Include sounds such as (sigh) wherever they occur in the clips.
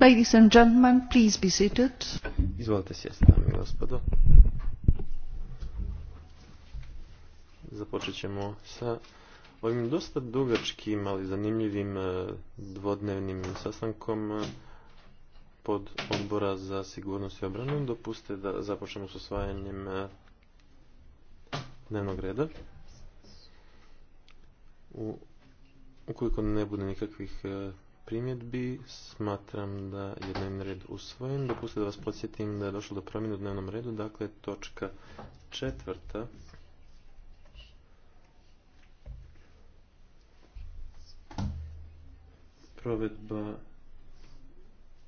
Ladies and gentlemen, please be seated. Izvolite sjesti, dame i gospodo. Započet ćemo sa ovim dosta dugačkim, ali zanimljivim e, dvodnevnim sastankom e, pod odbora za sigurnost i obranu. dopustite da započnemo s osvajanjem e, dnevnog reda. U, ukoliko ne bude nikakvih primjedbi. Smatram da je dnevni red usvojen. Dopustite da vas podsjetim da je došlo do promjene u dnevnom redu. Dakle, točka četvrta. Provedba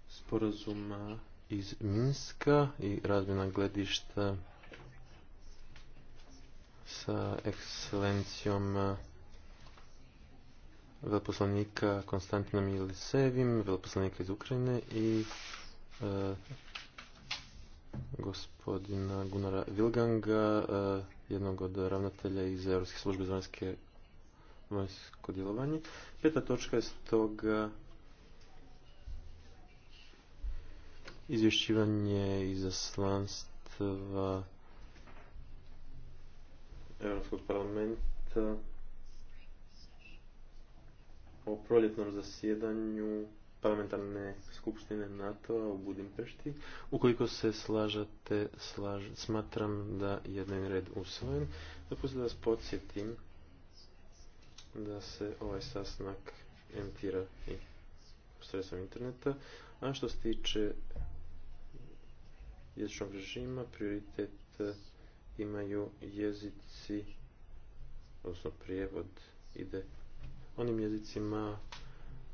sporazuma iz Minska i razmjena gledišta sa ekscelencijom veleposlanika Konstantina Milisevim, veleposlanika iz Ukrajine i e, gospodina Gunara Vilganga, e, jednog od ravnatelja iz Europske službe za vanjsko djelovanje. Peta točka je stoga izvješćivanje zaslanstva Europskog parlamenta o proljetnom zasjedanju parlamentarne skupštine NATO-a u Budimpešti. Ukoliko se slažete, smatram da je dnevni red usvojen. Dopustite da vas podsjetim da se ovaj sasnak emitira i sredstvom interneta. A što se tiče jezičnog režima, prioritet eh, imaju jezici, odnosno prijevod ide onim jezicima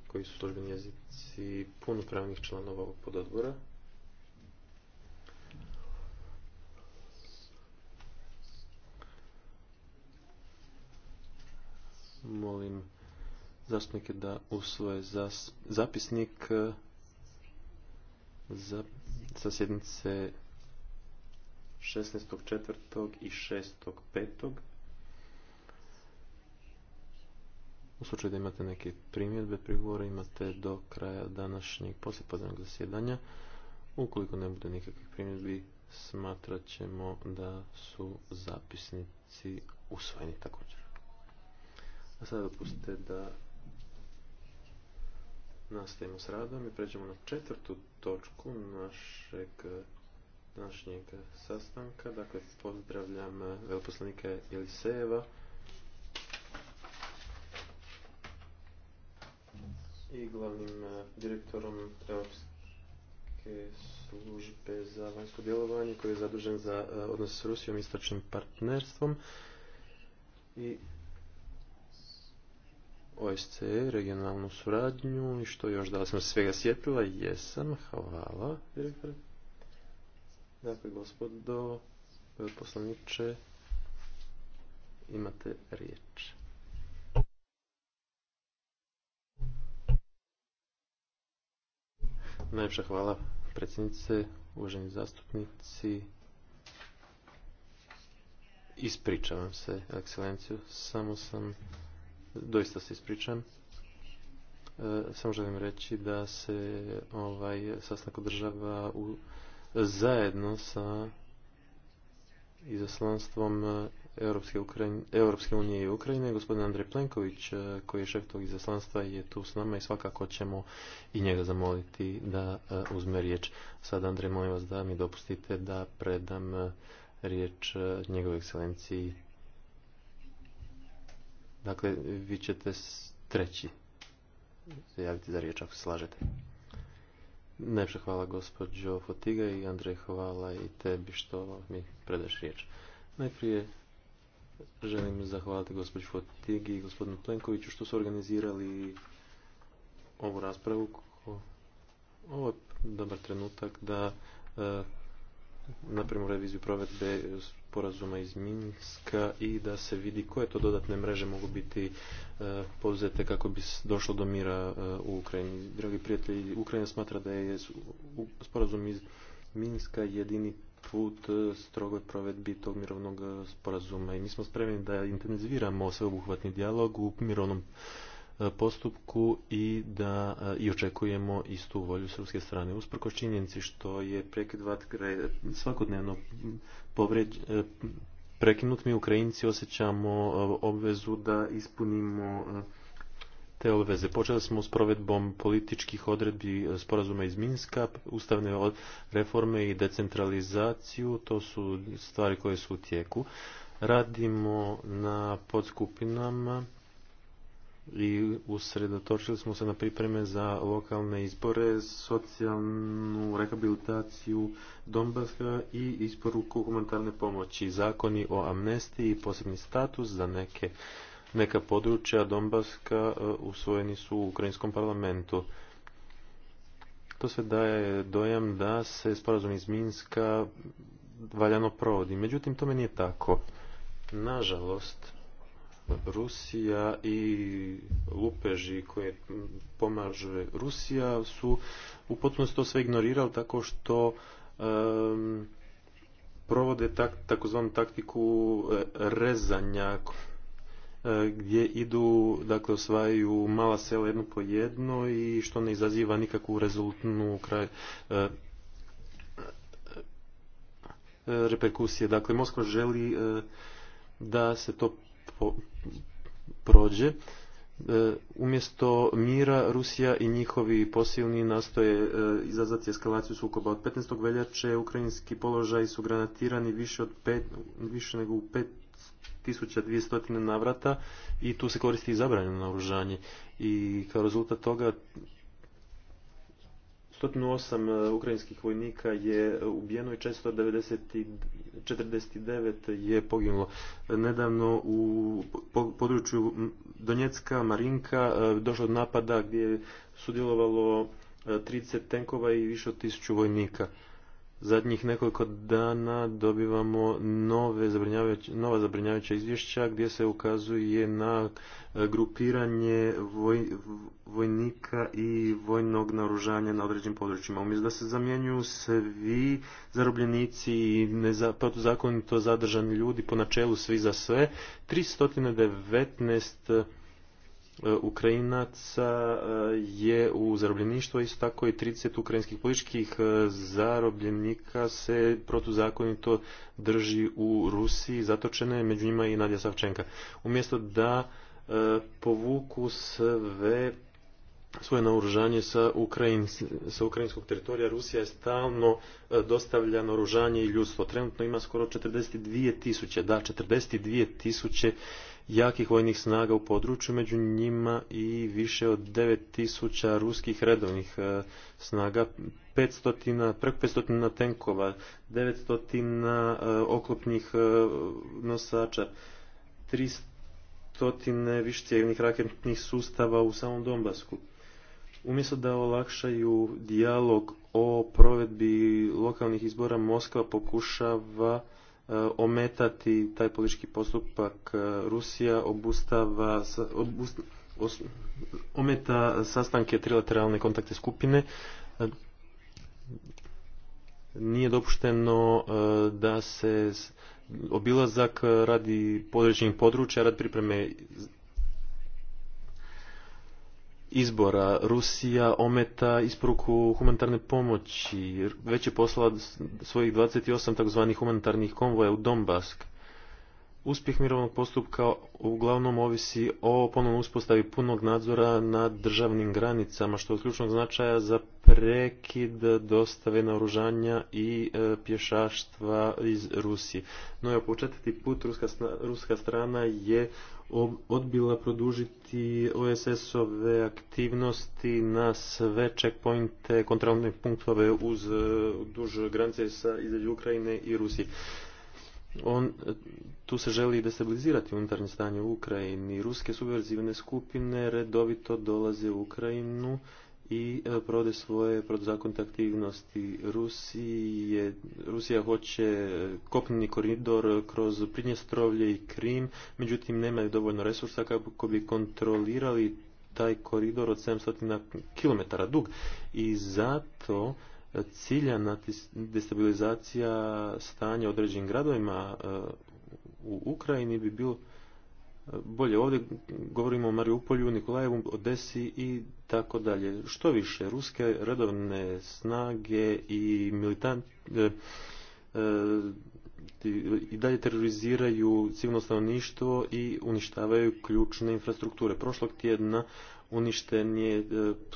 koji su službeni jezici punopravnih članova ovog pododbora. Molim zastupnike da usvoje zapisnik eh, sa sjednice 16.4. i 6.5. U slučaju da imate neke primjedbe, prigovore, imate do kraja današnjeg poslijepodnevnog zasjedanja. Ukoliko ne bude nikakvih primjedbi, smatrat ćemo da su zapisnici usvojeni također. A sada dopustite da nastavimo s radom i pređemo na četvrtu točku našeg današnjeg sastanka. Dakle, pozdravljam veliposlanika Jeliseva. i glavnim e, direktorom Europske službe za vanjsko djelovanje koji je zadužen za e, odnos s Rusijom i istočnim partnerstvom i OSCE, regionalnu suradnju i što još da sam svega sjetila, jesam, hvala direktor. Dakle, gospodo, e, poslaniče, imate riječ. Najljepša hvala predsjednice, uvaženi zastupnici. Ispričavam se, ekscelenciju, samo sam, doista se ispričam. E, samo želim reći da se ovaj sastanak održava u, zajedno sa izaslanstvom Europske, unije i Ukrajine. Gospodin Andrej Plenković, e, koji je šef tog izaslanstva, je tu s nama i svakako ćemo i njega zamoliti da e, uzme riječ. Sad, Andrej, molim vas da mi dopustite da predam e, riječ njegove ekscelenciji. Dakle, vi ćete treći se javiti za riječ ako se slažete. Najpša hvala gospođo Fotiga i Andrej, hvala i tebi što mi predaš riječ. Najprije želim zahvaliti gospođu Fotigi i gospodinu Plenkoviću što su organizirali ovu raspravu. Ovo je dobar trenutak da e, napravimo reviziju provedbe sporazuma iz Minska i da se vidi koje to dodatne mreže mogu biti e, poduzete kako bi došlo do mira e, u Ukrajini. Dragi prijatelji, Ukrajina smatra da je sporazum iz Minska jedini put e, strogoj provedbi tog mirovnog e, sporazuma i mi smo spremni da intenziviramo sveobuhvatni dijalog u mirovnom e, postupku i da i očekujemo istu volju srpske strane. Usprko činjenici što je prekid vatre svakodnevno povređ, prekinut mi Ukrajinci osjećamo obvezu da ispunimo te obveze. Počeli smo s provedbom političkih odredbi e, sporazuma iz Minska, ustavne reforme i decentralizaciju, to su stvari koje su u tijeku. Radimo na podskupinama i usredotočili smo se na pripreme za lokalne izbore, socijalnu rehabilitaciju Donbasa i isporuku humanitarne pomoći, zakoni o amnestiji i posebni status za neke neka područja Donbaska e, usvojeni su u Ukrajinskom parlamentu. To se daje dojam da se sporazum iz Minska valjano provodi. Međutim, tome nije tako. Nažalost, Rusija i lupeži koje pomaže Rusija su u potpunosti to sve ignorirali tako što provode tak, takozvanu taktiku e, rezanja E, gdje idu, dakle osvajaju mala sela jedno po jedno i što ne izaziva nikakvu rezultnu kraj, e, e, reperkusije. Dakle, Moskva želi da se to prođe. umjesto mira Rusija i njihovi posilni nastoje e, izazvati eskalaciju sukoba. Od 15. veljače ukrajinski položaj su granatirani više, od pet, više nego u pet 1200 navrata i tu se koristi i zabranjeno naoružanje. I kao rezultat toga 108 e, ukrajinskih vojnika je ubijeno i 449 je poginulo. Nedavno u području Donjecka, Marinka, e, došlo od napada gdje je sudjelovalo 30 e, tenkova i više od 1000 vojnika zadnjih nekoliko dana dobivamo nove zabrinjavajuće, nova zabrinjavajuća izvješća gdje se ukazuje na e, grupiranje vojnika i vojnog naoružanja na određenim područjima. Umjesto da se zamjenjuju svi zarobljenici i protuzakonito zadržani ljudi po načelu svi za sve, 319 E, Ukrajinaca e, je u zarobljeništvu, isto tako i 30 ukrajinskih političkih e, zarobljenika se protuzakonito drži u Rusiji, zatočene među njima i Nadja Savčenka. Umjesto da povuku sve svoje naoružanje sa, Ukrajin, sa ukrajinskog teritorija. Rusija je stalno dostavlja naoružanje i ljudstvo. Trenutno ima skoro 42 tisuće, da, 42 tisuće jakih vojnih snaga u području, među njima i više od 9000 ruskih redovnih e, snaga, 500, preko 500 tenkova, 900 e, oklopnih e, nosača, 300 višcijevnih raketnih sustava u samom Donbasku. Umjesto da olakšaju dijalog o provedbi lokalnih izbora, Moskva pokušava E, ometati taj politički postupak. E, Rusija obustava, ometa sastanke trilateralne kontakte skupine. E, nije dopušteno da se obilazak radi podređenih područja, rad pripreme izbora. Rusija ometa isporuku humanitarne pomoći. Već je poslala svojih 28 takozvanih humanitarnih konvoja u Donbask. Uspjeh mirovnog postupka uglavnom ovisi o ponovnom uspostavi punog nadzora na državnim granicama, što je od ključnog značaja za prekid dostave naoružanja i e, pješaštva iz Rusije. No je početiti put ruska, ruska strana je odbila produžiti OSS-ove aktivnosti na sve checkpointe, kontrolne punktove uz e, duž granice sa između Ukrajine i Rusije. On, e, tu se želi destabilizirati unutarnje stanje u Ukrajini. Ruske subverzivne skupine redovito dolaze u Ukrajinu i e, provode svoje protuzakonite aktivnosti. Rusije, Rusija hoće kopneni koridor kroz Pridnjestrovlje i Krim, međutim nemaju dovoljno resursa kako bi kontrolirali taj koridor od 700 km dug i zato e, cilja na destabilizacija stanja određenim gradovima e, u Ukrajini bi bilo bolje. Ovdje govorimo o Mariupolju, Nikolajevu, Odesi i tako dalje. Što više, ruske redovne snage i militanti e, e, i dalje teroriziraju civilno stanovništvo i uništavaju ključne infrastrukture. Prošlog tjedna uništen je e,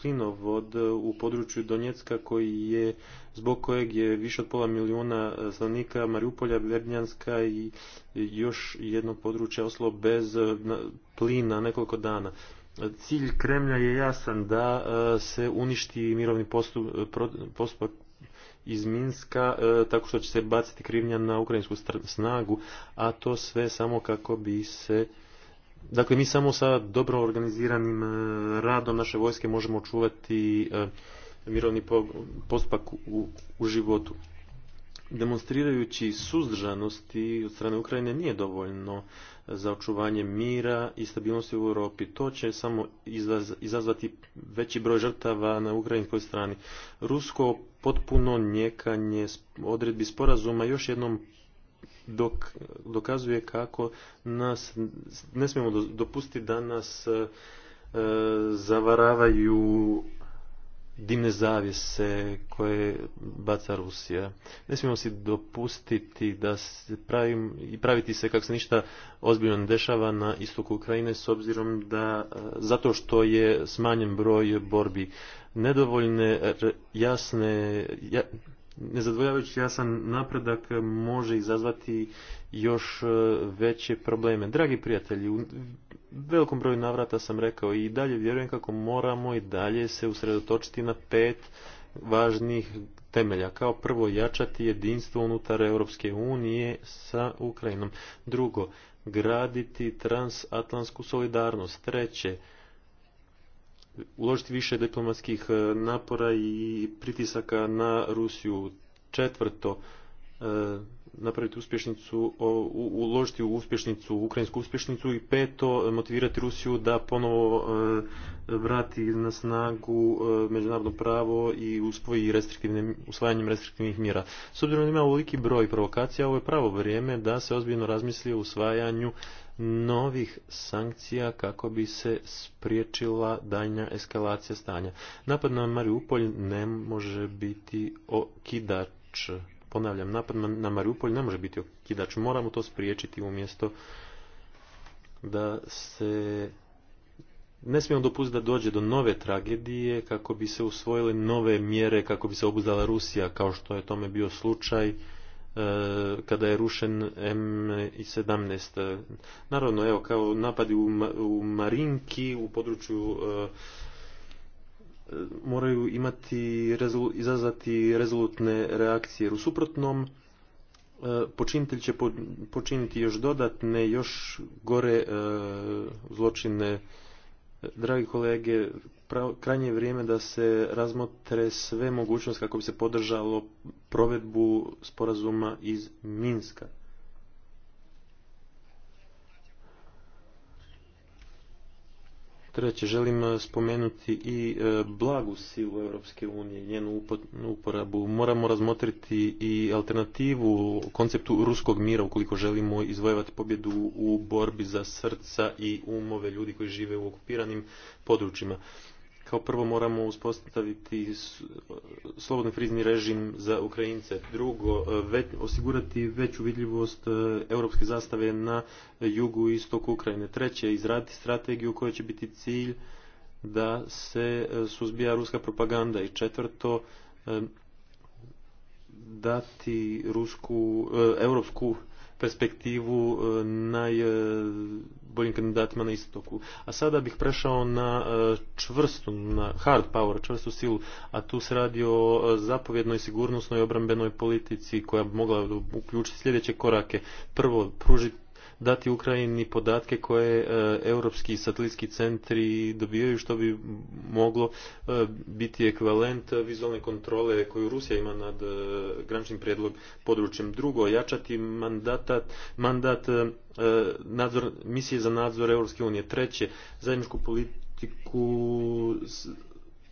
plinovod e, u području Donjecka koji je, zbog kojeg je više od pola milijuna e, stanovnika Mariupolja, Verdnjanska i još jedno područje oslo bez plina nekoliko dana. Cilj Kremlja je jasan da se uništi mirovni postupak iz Minska tako što će se baciti krivnja na ukrajinsku snagu, a to sve samo kako bi se Dakle, mi samo sa dobro organiziranim e, radom naše vojske možemo čuvati e, mirovni postupak u, u životu. Demonstrirajući suzdržanosti od strane Ukrajine nije dovoljno e, za očuvanje mira i stabilnosti u Europi. To će samo izazvati veći broj žrtava na ukrajinskoj strani. Rusko potpuno njekanje odredbi sporazuma još jednom dok, dokazuje kako nas ne smijemo dopustiti da nas e, zavaravaju dimne zavjese koje baca Rusija. Ne smijemo si dopustiti da se pravim i praviti se kako se ništa ozbiljno ne dešava na istoku Ukrajine s obzirom da e, zato što je smanjen broj borbi nedovoljne e, jasne nezadovoljavajući jasan napredak e, može izazvati još e, veće probleme. Dragi prijatelji, u velikom broju navrata sam rekao i dalje vjerujem kako moramo i dalje se usredotočiti na pet važnih temelja. Kao prvo jačati jedinstvo unutar Europske unije sa Ukrajinom. Drugo, graditi transatlantsku solidarnost. Treće, uložiti više diplomatskih e, napora i pritisaka na Rusiju. Četvrto, e, napraviti uspješnicu, uložiti u uspješnicu, ukrajinsku uspješnicu i peto, motivirati Rusiju da ponovo e, vrati na snagu međunarodno pravo i usvoji restriktivne, usvajanjem restriktivnih mjera. S obzirom da ima ovoliki broj provokacija, ovo je pravo vrijeme da se ozbiljno razmisli o usvajanju novih sankcija kako bi se spriječila daljnja eskalacija stanja. Napad na Mariupolj ne može biti okidač. Ponavljam, napad na Mariupolj ne može biti okidač. Moramo to spriječiti umjesto da se ne smijemo dopustiti da dođe do nove tragedije kako bi se usvojile nove mjere kako bi se obuzdala Rusija kao što je tome bio slučaj E, kada je rušen M17. Naravno, evo, kao napadi u Marinki, u području e, e, moraju imati, izazvati rezolutne reakcije. U suprotnom, počinitelj će počiniti još dodatne, još gore zločine Dragi kolege, krajnje je vrijeme da se razmotre sve mogućnosti kako bi se podržalo provedbu sporazuma iz Minska. Treće, želim e, spomenuti i e, blagu silu Europske unije, njenu uporabu. Moramo razmotriti i alternativu konceptu ruskog mira ukoliko želimo izvojevati pobjedu u borbi za srca i umove ljudi koji žive u okupiranim područjima. Kao prvo moramo uspostaviti slobodni frizni režim za Ukrajince. Drugo, e, osigurati veću vidljivost e, europske zastave na jugu i istoku Ukrajine. Treće, izraditi strategiju koja će biti cilj da se e, suzbija ruska propaganda. I četvrto, dati rusku, europsku perspektivu naj boljim kandidatima na istoku. A sada bih prešao na e, čvrstu, na hard power, čvrstu silu, a tu se radi o e, zapovjednoj, sigurnosnoj, obrambenoj politici koja bi mogla uključiti sljedeće korake. Prvo, pružiti dati Ukrajini podatke koje e, europski satelitski centri dobijaju što bi moglo e, biti ekvivalent vizualne kontrole koju Rusija ima nad e, graničnim prijedlog područjem. Drugo, jačati mandata, mandat nadzor, misije za nadzor Europske unije. Treće, zajedničku politiku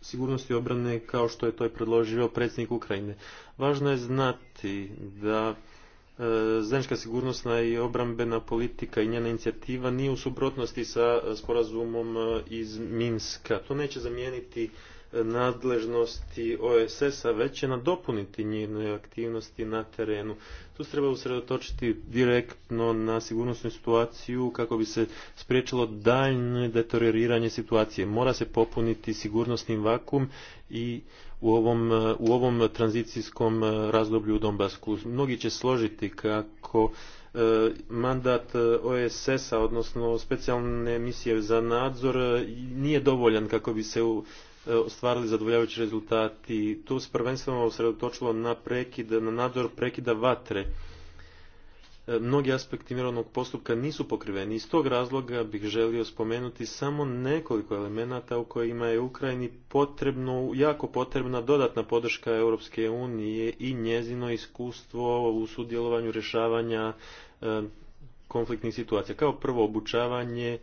sigurnosti obrane kao što je to i predložio predsjednik Ukrajine. Važno je znati da E, Zemljska sigurnosna i obrambena politika i njena inicijativa nije u suprotnosti sa e, sporazumom e, iz Minska. To neće zamijeniti nadležnosti OSS-a, već će nadopuniti njene aktivnosti na terenu. Tu se treba usredotočiti direktno na sigurnosnu situaciju kako bi se spriječilo daljnje deterioriranje situacije. Mora se popuniti sigurnosni vakum i u ovom, e, u ovom tranzicijskom e, razdoblju u Donbasku. Mnogi će složiti kako e, mandat OSS-a, odnosno specijalne misije za nadzor, nije dovoljan kako bi se ostvarili zadovoljavajući rezultati. Tu se prvenstveno osredotočilo na prekid, na nadzor prekida vatre E, mnogi aspekti mirovnog postupka nisu pokriveni. Iz tog razloga bih želio spomenuti samo nekoliko elemenata u kojima je Ukrajini potrebno, jako potrebna dodatna podrška Europske unije i njezino iskustvo u sudjelovanju rješavanja e, konfliktnih situacija. Kao prvo obučavanje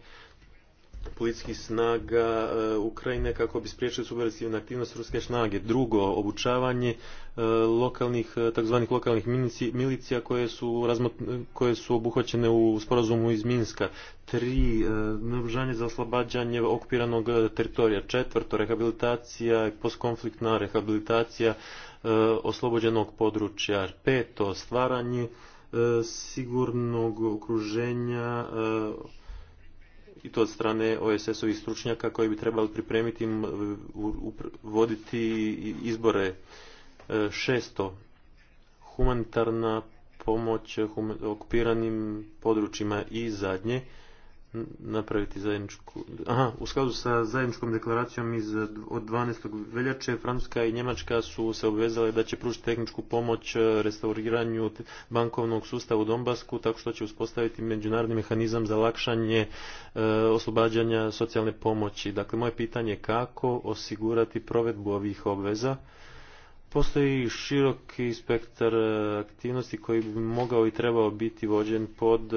policijskih snaga e, Ukrajine kako bi spriječili subversivnu aktivnost ruske snage. Drugo, obučavanje e, lokalnih, e, takzvanih lokalnih milicija koje su, koje su obuhvaćene u sporazumu iz Minska. Tri, naoružanje za oslobađanje okupiranog teritorija. Četvrto, rehabilitacija i postkonfliktna rehabilitacija oslobođenog područja. Peto, stvaranje sigurnog okruženja i to od strane OSS-ovih stručnjaka koji bi trebali pripremiti voditi izbore. E, šesto, humanitarna pomoć okupiranim područjima i zadnje, napraviti zajedničku... Aha, u skladu sa zajedničkom deklaracijom iz, od 12. veljače, Francuska i Njemačka su se obvezale da će pružiti tehničku pomoć e, restauriranju bankovnog sustava u Donbasku, tako što će uspostaviti međunarodni mehanizam za lakšanje e, oslobađanja socijalne pomoći. Dakle, moje pitanje je kako osigurati provedbu ovih obveza, postoji široki spektar e, aktivnosti koji bi mogao i trebao biti vođen pod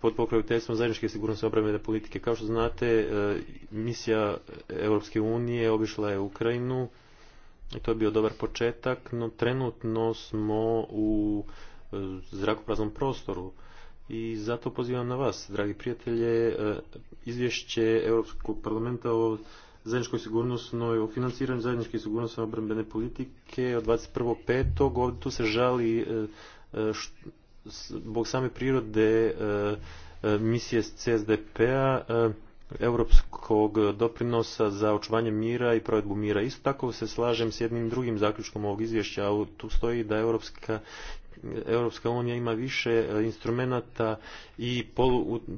pod pokroviteljstvom zajedničke sigurnosti obrambene politike. Kao što znate, e, misija Europske unije obišla je Ukrajinu i to je bio dobar početak, no trenutno smo u e, zrakopraznom prostoru i zato pozivam na vas, dragi prijatelje, e, izvješće Europskog parlamenta o zajedničkoj sigurnosnoj, o financiranju zajedničke sigurnosne obrambene politike od 21.5. Ovdje tu se žali zbog same prirode e, e, misije CSDP-a e, europskog doprinosa za očuvanje mira i provedbu mira. Isto tako se slažem s jednim drugim zaključkom ovog izvješća, tu stoji da Europska Europska unija ima više instrumenata i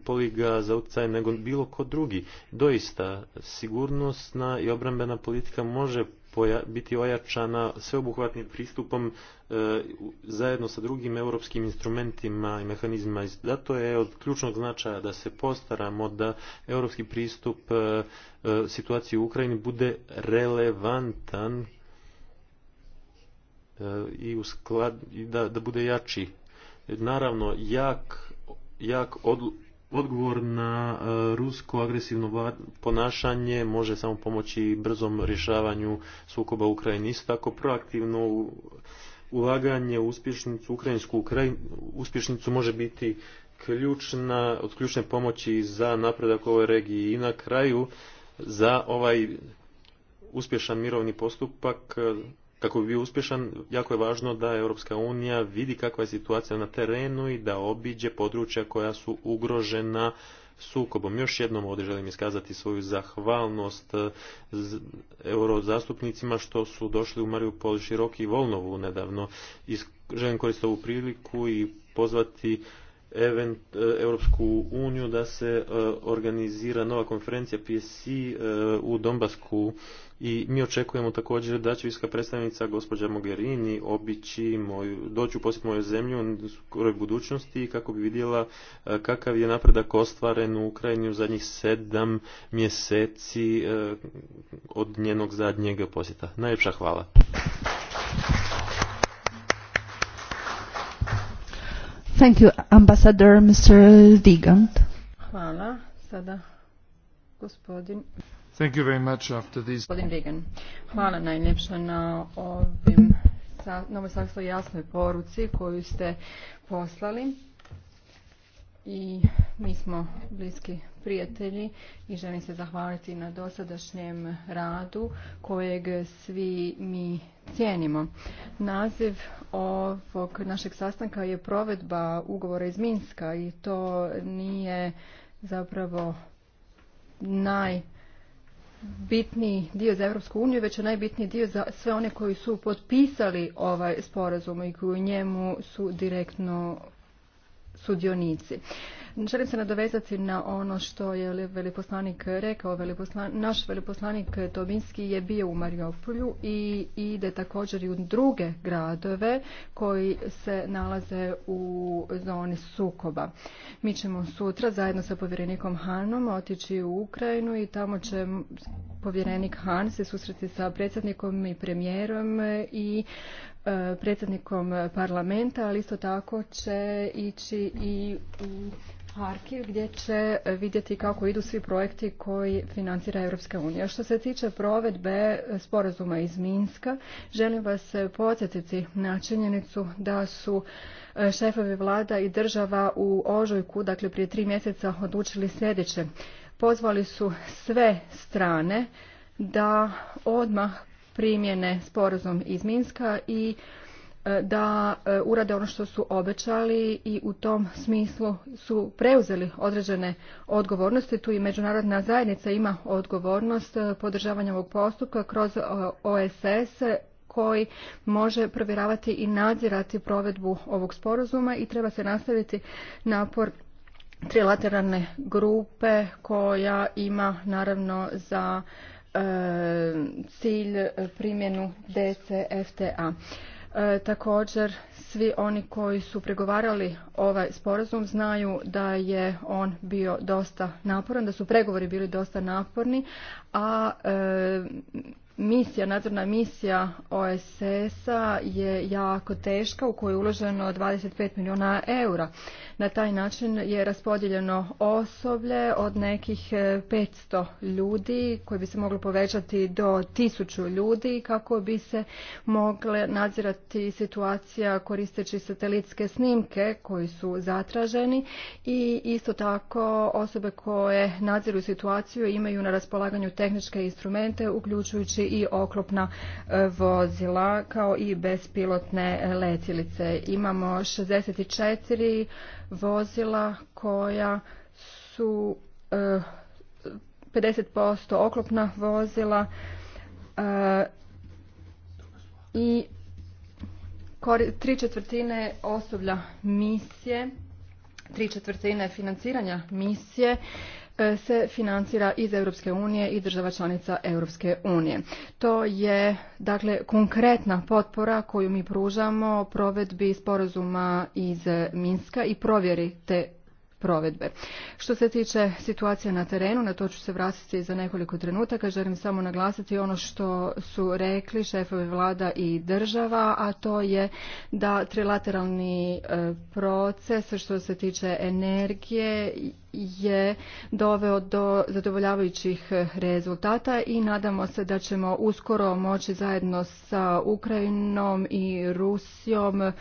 poliga za utjecaj nego bilo ko drugi. Doista, sigurnosna i obrambena politika može biti ojačana sveobuhvatnim pristupom E, zajedno sa drugim europskim instrumentima i mehanizmima. Zato je od ključnog značaja da se postaramo da europski pristup e, e, situaciji u Ukrajini bude relevantan i da, bude jači. Naravno, jak, jak odgovor na rusko agresivno ponašanje može samo pomoći brzom rješavanju sukoba u Ukrajini. Isto tako proaktivno ulaganje u uspješnicu, ukrajinsku uspješnicu može biti ključna, od ključne pomoći za napredak u ovoj regiji. I na kraju za ovaj uspješan mirovni postupak e, kako bi bio uspješan, jako je važno da Europska unija vidi kakva je situacija na terenu i da obiđe područja koja su ugrožena sukobom. Još jednom ovdje želim iskazati svoju zahvalnost e, eurozastupnicima što su došli u Mariupol Široki i Volnovu nedavno. Želim koristiti ovu priliku i pozvati event, e, Europsku uniju da se e, organizira nova konferencija PSC e, u Donbasku i mi očekujemo također da će viska predstavnica gospođa Mogherini obići moju, doći u posjet moju zemlju u skoroj budućnosti kako bi vidjela kakav je napredak ostvaren u Ukrajini u zadnjih sedam mjeseci od njenog zadnjeg posjeta. Najljepša hvala. Thank you, Ambassador Mr. Digant. Hvala. Sada gospodin... Thank you very much after this. Gospodin Digan. Hvala najljepša na ovim na ovoj jasnoj poruci koju ste poslali i mi smo bliski prijatelji i želim se zahvaliti na dosadašnjem radu kojeg svi mi cijenimo. Naziv ovog našeg sastanka je provedba ugovora iz Minska i to nije zapravo najbitniji dio za Europsku uniju, već je najbitniji dio za sve one koji su potpisali ovaj sporazum i koji u njemu su direktno sudionici. Želim se nadovezati na ono što je veliposlanik rekao. Veliposlan, naš veliposlanik Tobinski je bio u Mariupolju i ide također i u druge gradove koji se nalaze u zoni sukoba. Mi ćemo sutra zajedno sa povjerenikom Hanom otići u Ukrajinu i tamo će povjerenik Han se susreti sa predsjednikom i premijerom i E, predsjednikom parlamenta, ali isto tako će ići i u Harkiv gdje će vidjeti kako idu svi projekti koji financira Europska unija. Što se tiče provedbe sporazuma iz Minska, želim vas podsjetiti na činjenicu da su e, šefovi vlada i država u ožujku, dakle prije tri mjeseca, odlučili sljedeće. Pozvali su sve strane da odmah primjene sporazum iz Minska i e, da e, urade ono što su obećali i u tom smislu su preuzeli određene odgovornosti. Tu i međunarodna zajednica ima odgovornost e, podržavanja ovog postupka kroz OSS koji može provjeravati i nadzirati provedbu ovog sporazuma i treba se nastaviti napor trilateralne grupe koja ima naravno za E, cilj e, primjenu DCFTA. E, također, svi oni koji su pregovarali ovaj sporazum znaju da je on bio dosta naporan, da su pregovori bili dosta naporni, a Misija, nadzorna misija OSS-a je jako teška u kojoj je uloženo 25 milijuna eura. Na taj način je raspodijeljeno osoblje od nekih 500 e, ljudi koji bi se mogli povećati do 1000 ljudi kako bi se mogle nadzirati situacija koristeći satelitske snimke koji su zatraženi i isto tako osobe koje nadziru situaciju imaju na raspolaganju tehničke instrumente uključujući i oklopna e, vozila kao i bespilotne letjelice. Imamo 64 vozila koja su 50% e, oklopna vozila e, i tri četvrtine osoblja misije, tri četvrtine financiranja misije E, se financira iz Europske unije i država članica Europske unije. To je dakle konkretna potpora koju mi pružamo provedbi sporazuma iz Minska i provjeri te provedbe. Što se tiče situacije na terenu, na to ću se vratiti za nekoliko trenutaka. Želim samo naglasiti ono što su rekli šefovi vlada i država, a to je da trilateralni e, proces što se tiče energije je doveo do zadovoljavajućih rezultata i nadamo se da ćemo uskoro moći zajedno sa Ukrajinom i Rusijom e,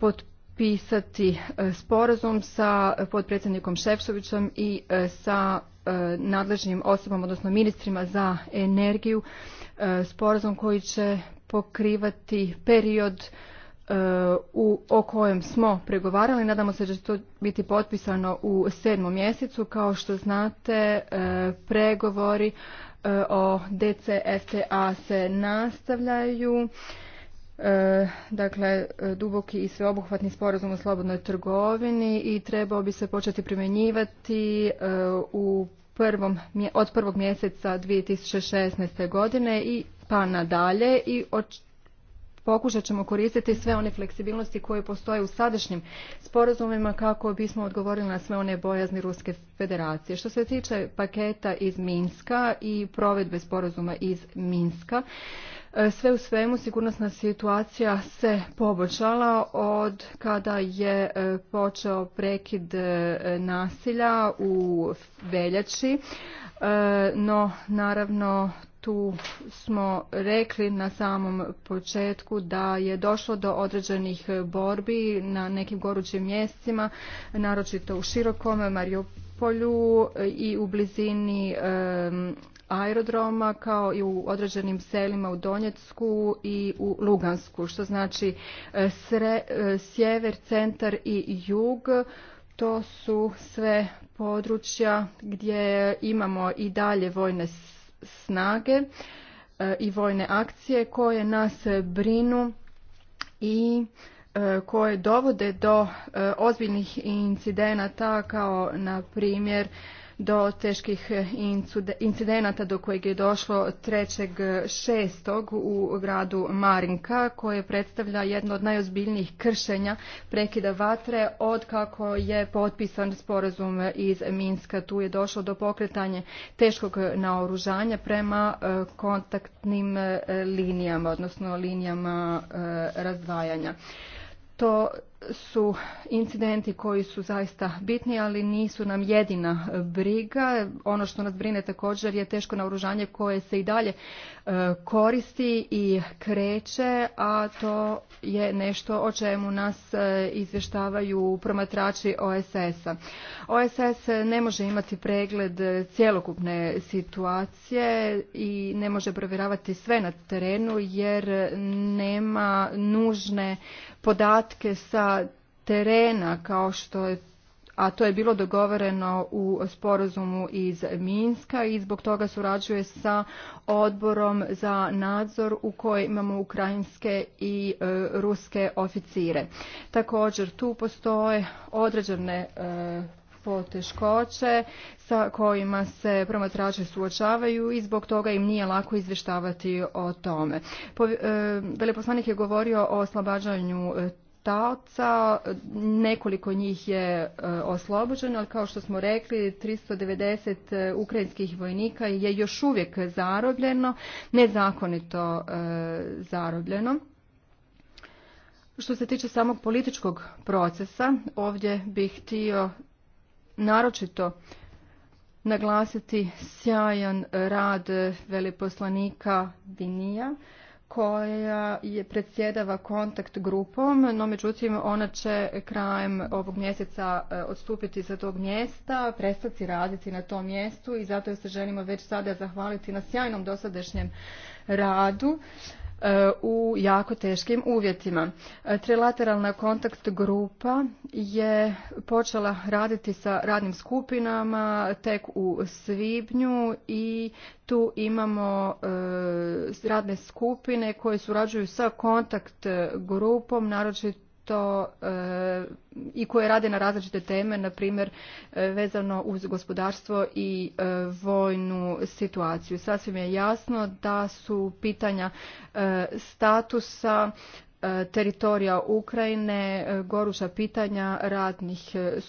pod potpisati e, sporazum sa potpredsjednikom Šefčovićem i e, sa e, nadležnim osobama, odnosno ministrima za energiju, sporazum koji će pokrivati period u, o kojem smo pregovarali. Nadamo se da će to biti potpisano u sedmom mjesecu. Kao što znate, pregovori o DCFTA se nastavljaju. E, dakle duboki i sveobuhvatni sporazum o slobodnoj trgovini i trebao bi se početi primjenjivati e, u prvom, od prvog mjeseca 2016. godine i pa nadalje i pokušat ćemo koristiti sve one fleksibilnosti koje postoje u sadašnjim sporazumima kako bismo odgovorili na sve one bojazni Ruske federacije. Što se tiče paketa iz Minska i provedbe sporazuma iz Minska, E, sve u svemu sigurnosna situacija se poboljšala od kada je e, počeo prekid e, nasilja u veljači, no naravno tu smo rekli na samom početku da je došlo do određenih borbi na nekim gorućim mjestima, naročito u širokom Marijopolju i u blizini aerodroma kao i u određenim selima u Donjecku i u Lugansku, što znači e, e, sjever, centar i jug. To su sve područja gdje imamo i dalje vojne snage e, i vojne akcije koje nas brinu i koje dovode do ozbiljnih incidenata kao na primjer do teških eh, incidenata do kojeg je došlo 3.6. u gradu Marinka koje predstavlja jedno od najozbiljnijih kršenja prekida vatre od kako je potpisan sporazum iz Minska. Tu je došlo do pokretanje teškog naoružanja prema eh, kontaktnim eh, linijama, odnosno linijama razdvajanja. To su incidenti koji su zaista bitni, ali nisu nam jedina briga. Ono što nas brine također je teško naoružanje koje se i dalje e, koristi i kreće, a to je nešto o čemu nas e, izvještavaju promatrači OSS-a. OSS ne može imati pregled cjelokupne situacije i ne može provjeravati sve na terenu jer nema nužne podatke sa terena kao što je a to je bilo dogovoreno u sporazumu iz Minska i zbog toga surađuje sa odborom za nadzor u kojem imamo ukrajinske i e, ruske oficire. Također tu postoje određene e, poteškoće sa kojima se promatrače suočavaju i zbog toga im nije lako izvještavati o tome. E, veleposlanik je govorio o oslobađanju e, taoca, nekoliko njih je e, oslobođeno, ali kao što smo rekli 390 ukrajinskih vojnika je još uvijek zarobljeno, nezakonito zarobljeno. Što se tiče samog političkog procesa, ovdje bih htio naročito naglasiti sjajan rad veleposlanika Vinija koja je predsjedava kontakt grupom, no međutim ona će krajem ovog mjeseca e, odstupiti sa tog mjesta, prestati raditi na tom mjestu i zato se želimo već sada zahvaliti na sjajnom dosadašnjem radu. E, u jako teškim uvjetima. E, trilateralna kontakt grupa je počela raditi sa radnim skupinama tek u svibnju i tu imamo e, radne skupine koje surađuju sa kontakt grupom, naročito što e, i koje rade na različite teme, na primjer e, vezano uz gospodarstvo i e, vojnu situaciju. Sasvim je jasno da su pitanja statusa teritorija Ukrajine, goruša pitanja radnih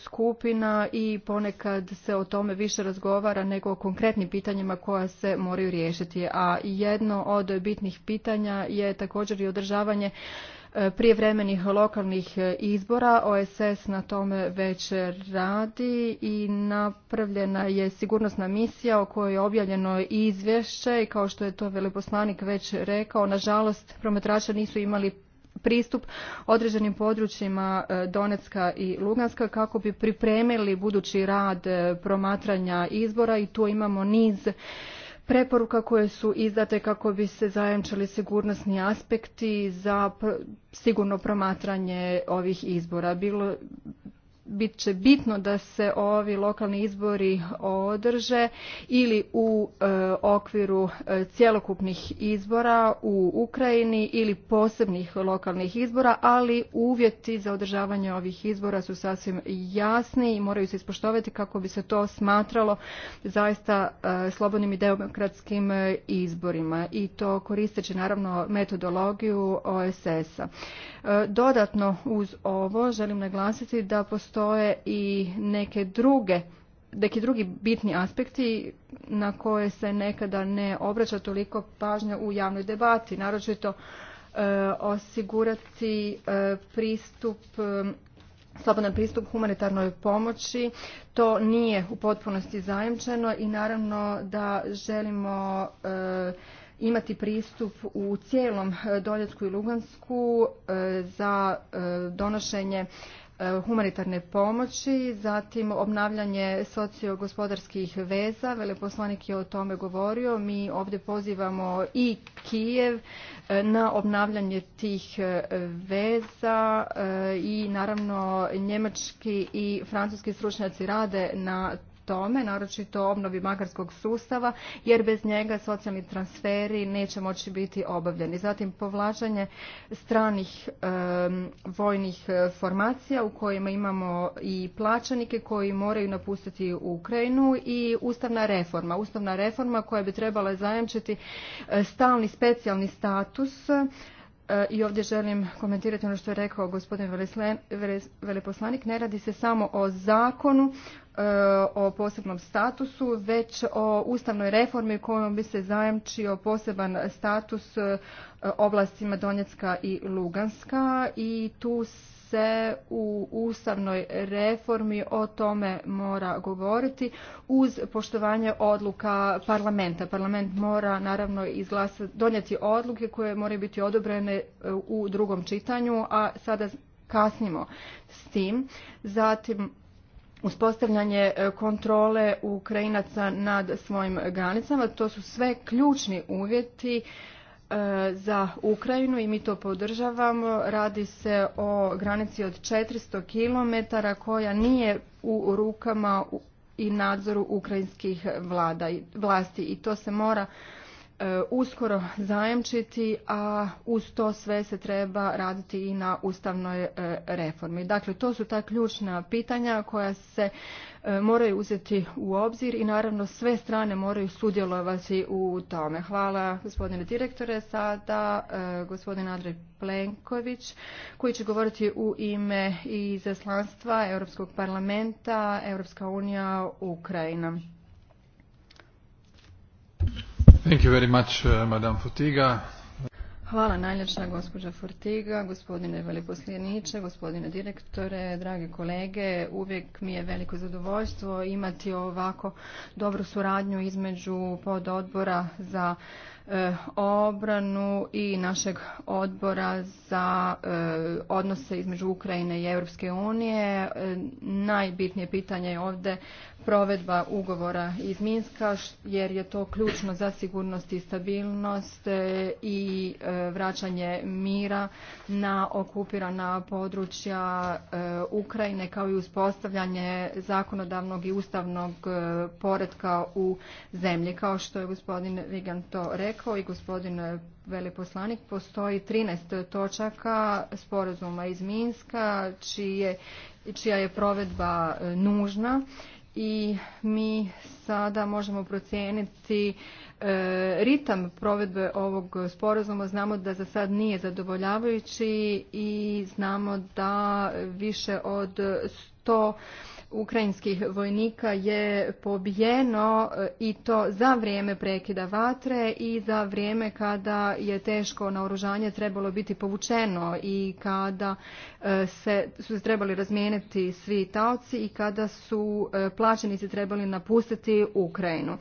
skupina i ponekad se o tome više razgovara nego o konkretnim pitanjima koja se moraju riješiti. A jedno od bitnih pitanja je također i održavanje E, prijevremenih lokalnih izbora. OSS na tome već radi i napravljena je sigurnosna misija o kojoj je objavljeno izvješće i kao što je to veleposlanik već rekao, nažalost promatrača nisu imali pristup određenim područjima e, Donetska i Luganska kako bi pripremili budući rad e, promatranja izbora i tu imamo niz preporuka koje su izdate kako bi se zajamčili sigurnosni aspekti za sigurno promatranje ovih izbora. Bilo bit će bitno da se ovi lokalni izbori održe ili u e, okviru e, cjelokupnih izbora u Ukrajini ili posebnih lokalnih izbora, ali uvjeti za održavanje ovih izbora su sasvim jasni i moraju se ispoštovati kako bi se to smatralo zaista e, slobodnim i demokratskim izborima i to koristeći naravno metodologiju OSS-a. Dodatno uz ovo želim naglasiti da postoji postoje i neke druge neki drugi bitni aspekti na koje se nekada ne obraća toliko pažnja u javnoj debati, naročito e, osigurati e, pristup e, slobodan pristup humanitarnoj pomoći. To nije u potpunosti zajamčeno i naravno da želimo e, imati pristup u cijelom Doljetsku i Lugansku za donošenje E, humanitarne pomoći, zatim obnavljanje sociogospodarskih veza, veleposlanik je o tome govorio, mi ovdje pozivamo i Kijev e, na obnavljanje tih e, veza i naravno njemački i francuski stručnjaci rade na tome, naročito obnovi makarskog sustava, jer bez njega socijalni transferi neće moći biti obavljeni. Zatim povlačenje stranih vojnih e, formacija u kojima imamo i plaćanike koji moraju napustiti Ukrajinu i ustavna reforma. Ustavna reforma koja bi trebala zajamčiti e, stalni specijalni status e, i ovdje želim komentirati ono što je rekao gospodin veleposlanik. Ne radi se samo o zakonu E, o posebnom statusu, već o ustavnoj reformi kojom bi se zajamčio poseban status e, oblastima Donjecka i Luganska i tu se u ustavnoj reformi o tome mora govoriti uz poštovanje odluka parlamenta. Parlament mora naravno donijeti odluke koje moraju biti odobrene e, u drugom čitanju, a sada kasnimo s tim. Zatim uspostavljanje e, kontrole Ukrajinaca nad svojim granicama. To su sve ključni uvjeti e, za Ukrajinu i mi to podržavamo. Radi se o granici od 400 km koja nije u rukama i nadzoru ukrajinskih vlada, vlasti i to se mora E, uskoro zajamčiti, a uz to sve se treba raditi i na ustavnoj e, reformi. Dakle, to su ta ključna pitanja koja se e, moraju uzeti u obzir i naravno sve strane moraju sudjelovati u tome. Hvala gospodine direktore. Sada gospodin Andrej Plenković koji će govoriti u ime i slanstva Europskog parlamenta Europska unija Ukrajina. Uh, Hvala najljepša gospođa Fortiga, gospodine veliposljeniče, gospodine direktore, drage kolege. Uvijek mi je veliko zadovoljstvo imati ovako dobru suradnju između pododbora za e, obranu i našeg odbora za e, odnose između Ukrajine i Europske unije. E, najbitnije pitanje je ovdje provedba ugovora iz Minska jer je to ključno za sigurnost i stabilnost e, i e, vraćanje mira na okupirana područja e, Ukrajine kao i uspostavljanje zakonodavnog i ustavnog poretka u zemlji. Kao što je gospodin Vigan to rekao i gospodin veleposlanik postoji 13 točaka sporazuma iz Minska čije, čija je provedba nužna i mi sada možemo procijeniti e, ritam provedbe ovog sporazuma. Znamo da za sad nije zadovoljavajući i znamo da više od 100 ukrajinskih vojnika je pobijeno e, i to za vrijeme prekida vatre i za vrijeme kada je teško naoružanje trebalo biti povučeno i kada e, se, su se trebali razmijeniti svi taoci i kada su e, plaćenici trebali napustiti Ukrajinu.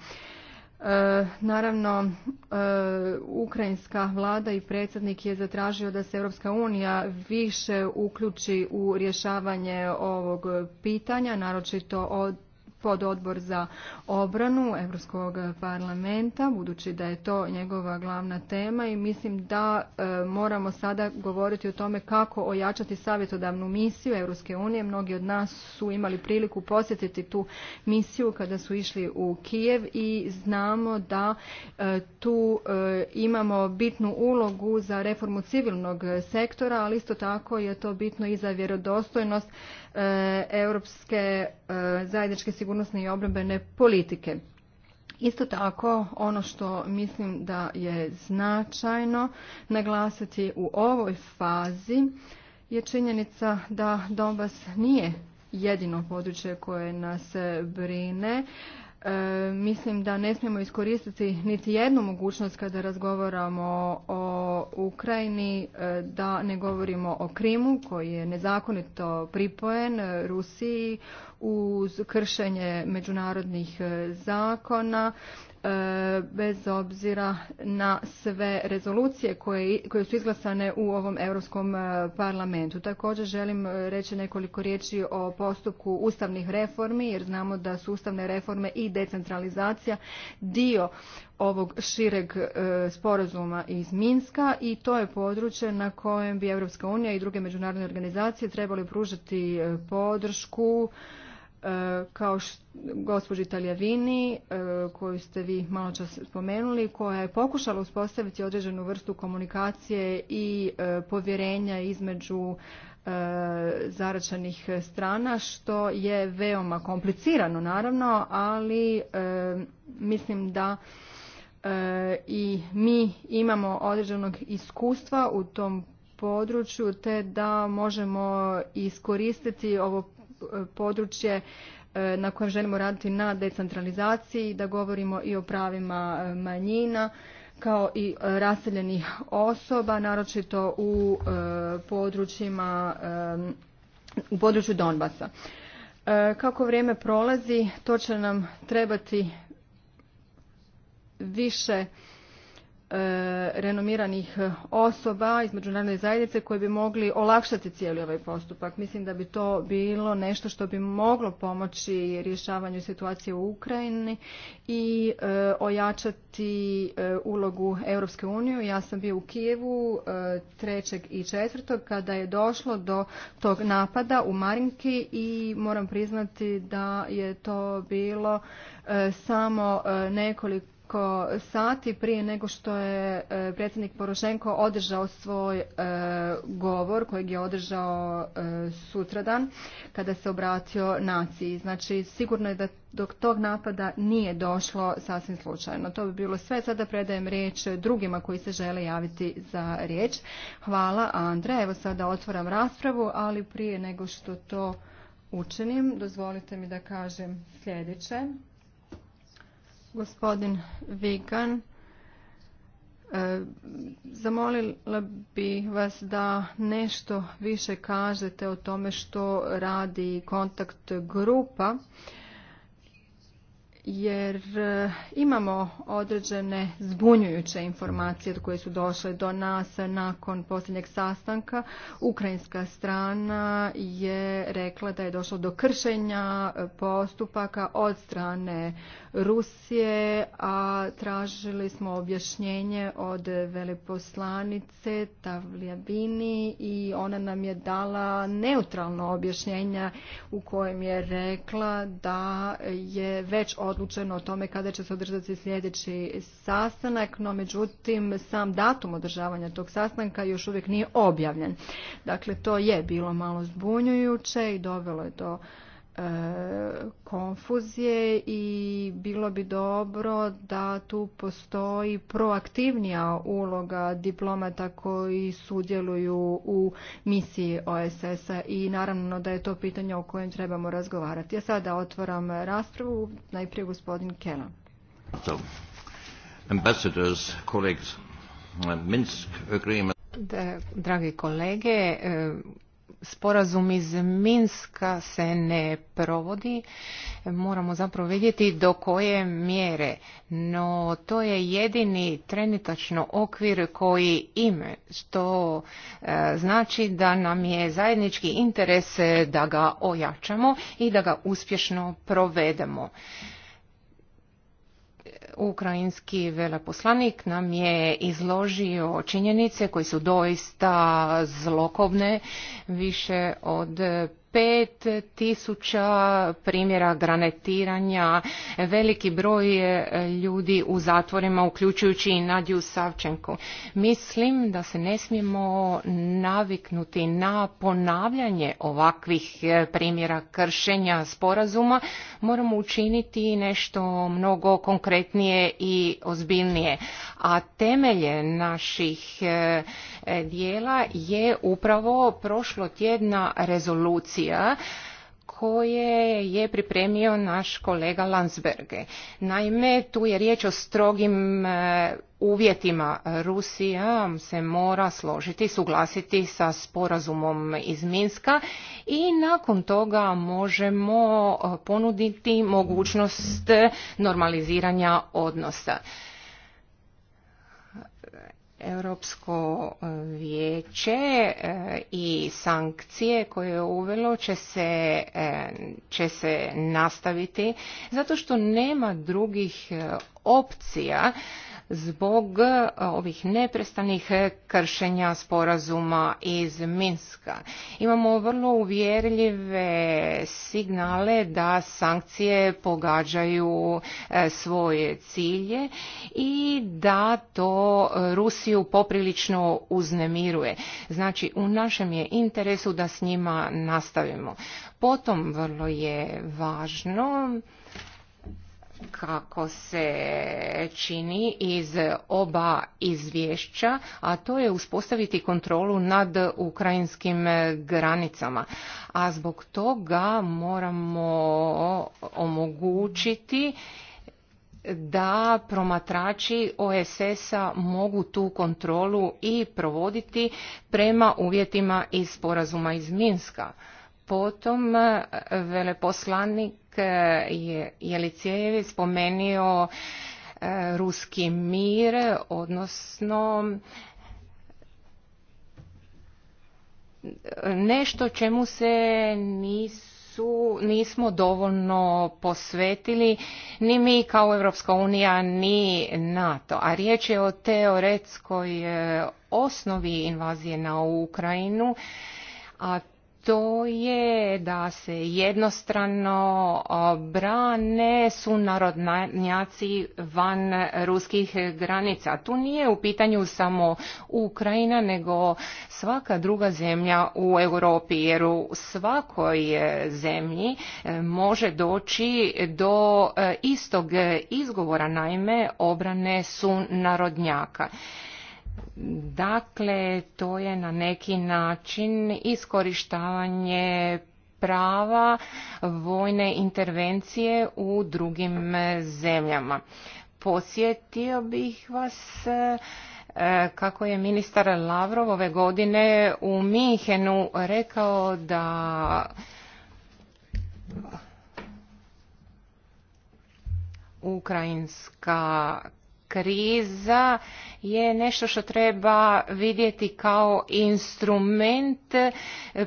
E, naravno, e, ukrajinska vlada i predsjednik je zatražio da se Europska unija više uključi u rješavanje ovog pitanja, naročito od odbor za obranu Europskog parlamenta, budući da je to njegova glavna tema i mislim da e, moramo sada govoriti o tome kako ojačati savjetodavnu misiju Europske unije. Mnogi od nas su imali priliku posjetiti tu misiju kada su išli u Kijev i znamo da e, tu e, imamo bitnu ulogu za reformu civilnog sektora, ali isto tako je to bitno i za vjerodostojnost E, europske e, zajedničke sigurnosne i obrambene politike. Isto tako, ono što mislim da je značajno naglasiti u ovoj fazi je činjenica da Donbas nije jedino područje koje nas brine. E, mislim da ne smijemo iskoristiti niti jednu mogućnost kada razgovaramo o Ukrajini e, da ne govorimo o Krimu koji je nezakonito pripojen Rusiji, uz kršenje međunarodnih e, zakona e, bez obzira na sve rezolucije koje, koje su izglasane u ovom Europskom e, parlamentu. Također želim reći nekoliko riječi o postupku ustavnih reformi jer znamo da su ustavne reforme i decentralizacija dio ovog šireg sporazuma iz Minska i to je područje na kojem bi Europska unija i druge međunarodne organizacije trebali pružiti podršku E, kao gospođi Taljavini e, koju ste vi malo čas spomenuli koja je pokušala uspostaviti određenu vrstu komunikacije i e, povjerenja između zaračanih strana što je veoma komplicirano naravno ali mislim da i mi imamo određenog iskustva u tom području te da možemo iskoristiti ovo područje e, na kojem želimo raditi na decentralizaciji, da govorimo i o pravima e, manjina kao i raseljenih osoba, naročito u e, područjima u području Donbasa. Kako vrijeme prolazi, to će nam trebati više E, renomiranih e, osoba iz međunarodne zajednice koji bi mogli olakšati cijeli ovaj postupak. Mislim da bi to bilo nešto što bi moglo pomoći rješavanju situacije u Ukrajini i e, ojačati ulogu Europske unije. Ja sam bio u Kijevu 3. i 4. kada je došlo do tog napada u Marinki i moram priznati da je to bilo samo nekoliko nekoliko sati prije nego što je e, predsjednik Porošenko održao svoj e, govor kojeg je održao e, sutradan kada se obratio naciji. Znači sigurno je da dok tog napada nije došlo sasvim slučajno. To bi bilo sve. Sada predajem riječ drugima koji se žele javiti za riječ. Hvala Andra. Evo sada otvoram raspravu, ali prije nego što to učinim, dozvolite mi da kažem sljedeće. Gospodin Vigan, e, zamolila bih vas da nešto više kažete o tome što radi kontakt grupa jer e, imamo određene zbunjujuće informacije koje su došle do nas nakon posljednjeg sastanka. Ukrajinska strana je rekla da je došlo do kršenja e, postupaka od strane Rusije, a tražili smo objašnjenje od veleposlanice Tavljabini i ona nam je dala neutralno objašnjenje u kojem je rekla da je već od odlučeno o tome kada će se održati sljedeći sastanak, no međutim sam datum održavanja tog sastanka još uvijek nije objavljen. Dakle, to je bilo malo zbunjujuće i dovelo je do konfuzije i bilo bi dobro da tu postoji proaktivnija uloga diplomata koji sudjeluju u misiji OSS-a i naravno da je to pitanje o kojem trebamo razgovarati. Ja sada otvaram raspravu, najprije gospodin Kellan. Dragi kolege, sporazum iz Minska se ne provodi, moramo zapravo vidjeti do koje mjere, no to je jedini trenitačno okvir koji ime, što e, znači da nam je zajednički interes da ga ojačamo i da ga uspješno provedemo. Ukrajinski veleposlanik nam je izložio činjenice koje su doista zlokobne. Više od pet tisuća primjera granetiranja, veliki broj e, ljudi u zatvorima, uključujući i Nadju Savčenko. Mislim da se ne smijemo naviknuti na ponavljanje ovakvih e, primjera kršenja sporazuma. Moramo učiniti nešto mnogo konkretnije i ozbiljnije. A temelje naših e, E, dijela je upravo tjedna rezolucija koje je pripremio naš kolega Landsberge. Naime, tu je riječ o strogim e, uvjetima. Rusija se mora složiti, suglasiti sa sporazumom iz Minska i nakon toga možemo e, ponuditi mogućnost normaliziranja odnosa. Europsko e, vijeće e, i sankcije koje je uvelo će se, e, će se nastaviti zato što nema drugih opcija zbog e, ovih neprestanih kršenja sporazuma iz Minska. Imamo vrlo uvjerljive signale da sankcije pogađaju e, svoje cilje i da to Rusiju poprilično uznemiruje. Znači u našem je interesu da s njima nastavimo. Potom vrlo je važno kako se čini iz oba izvješća, a to je uspostaviti kontrolu nad ukrajinskim granicama. A zbog toga moramo omogućiti da promatrači OSS-a mogu tu kontrolu i provoditi prema uvjetima iz sporazuma iz Minska. Potom veleposlanik je spomenio e, ruski mir, odnosno nešto čemu se nisu, nismo dovoljno posvetili ni mi kao Europska unija ni NATO. A riječ je o teoretskoj e, osnovi invazije na Ukrajinu, a to je da se jednostrano brane sunarodnjaci van ruskih granica. Tu nije u pitanju samo Ukrajina, nego svaka druga zemlja u Europi, jer u svakoj zemlji e, može doći do e, istog izgovora, naime obrane sunarodnjaka. Dakle, to je na neki način iskorištavanje prava vojne intervencije u drugim zemljama. Posjetio bih vas e, kako je ministar Lavrov ove godine u Minhenu rekao da ukrajinska kriza je nešto što treba vidjeti kao instrument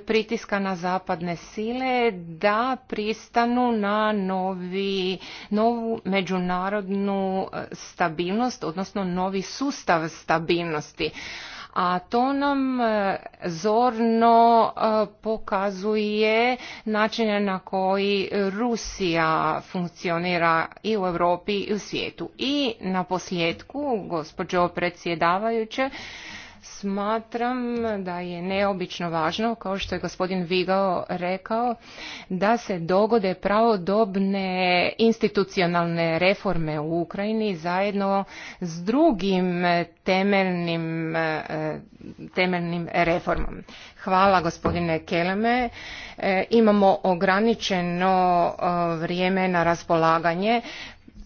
pritiska na zapadne sile da pristanu na novi, novu međunarodnu eh, stabilnost, odnosno novi sustav stabilnosti a to nam e, zorno e, pokazuje način na koji Rusija funkcionira i u Europi i u svijetu. I na posljedku, gospođo predsjedavajuće, Smatram da je neobično važno, kao što je gospodin Vigao rekao, da se dogode pravodobne institucionalne reforme u Ukrajini zajedno s drugim temeljnim, eh, temeljnim reformom. Hvala gospodine Keleme. Eh, imamo ograničeno eh, vrijeme na raspolaganje.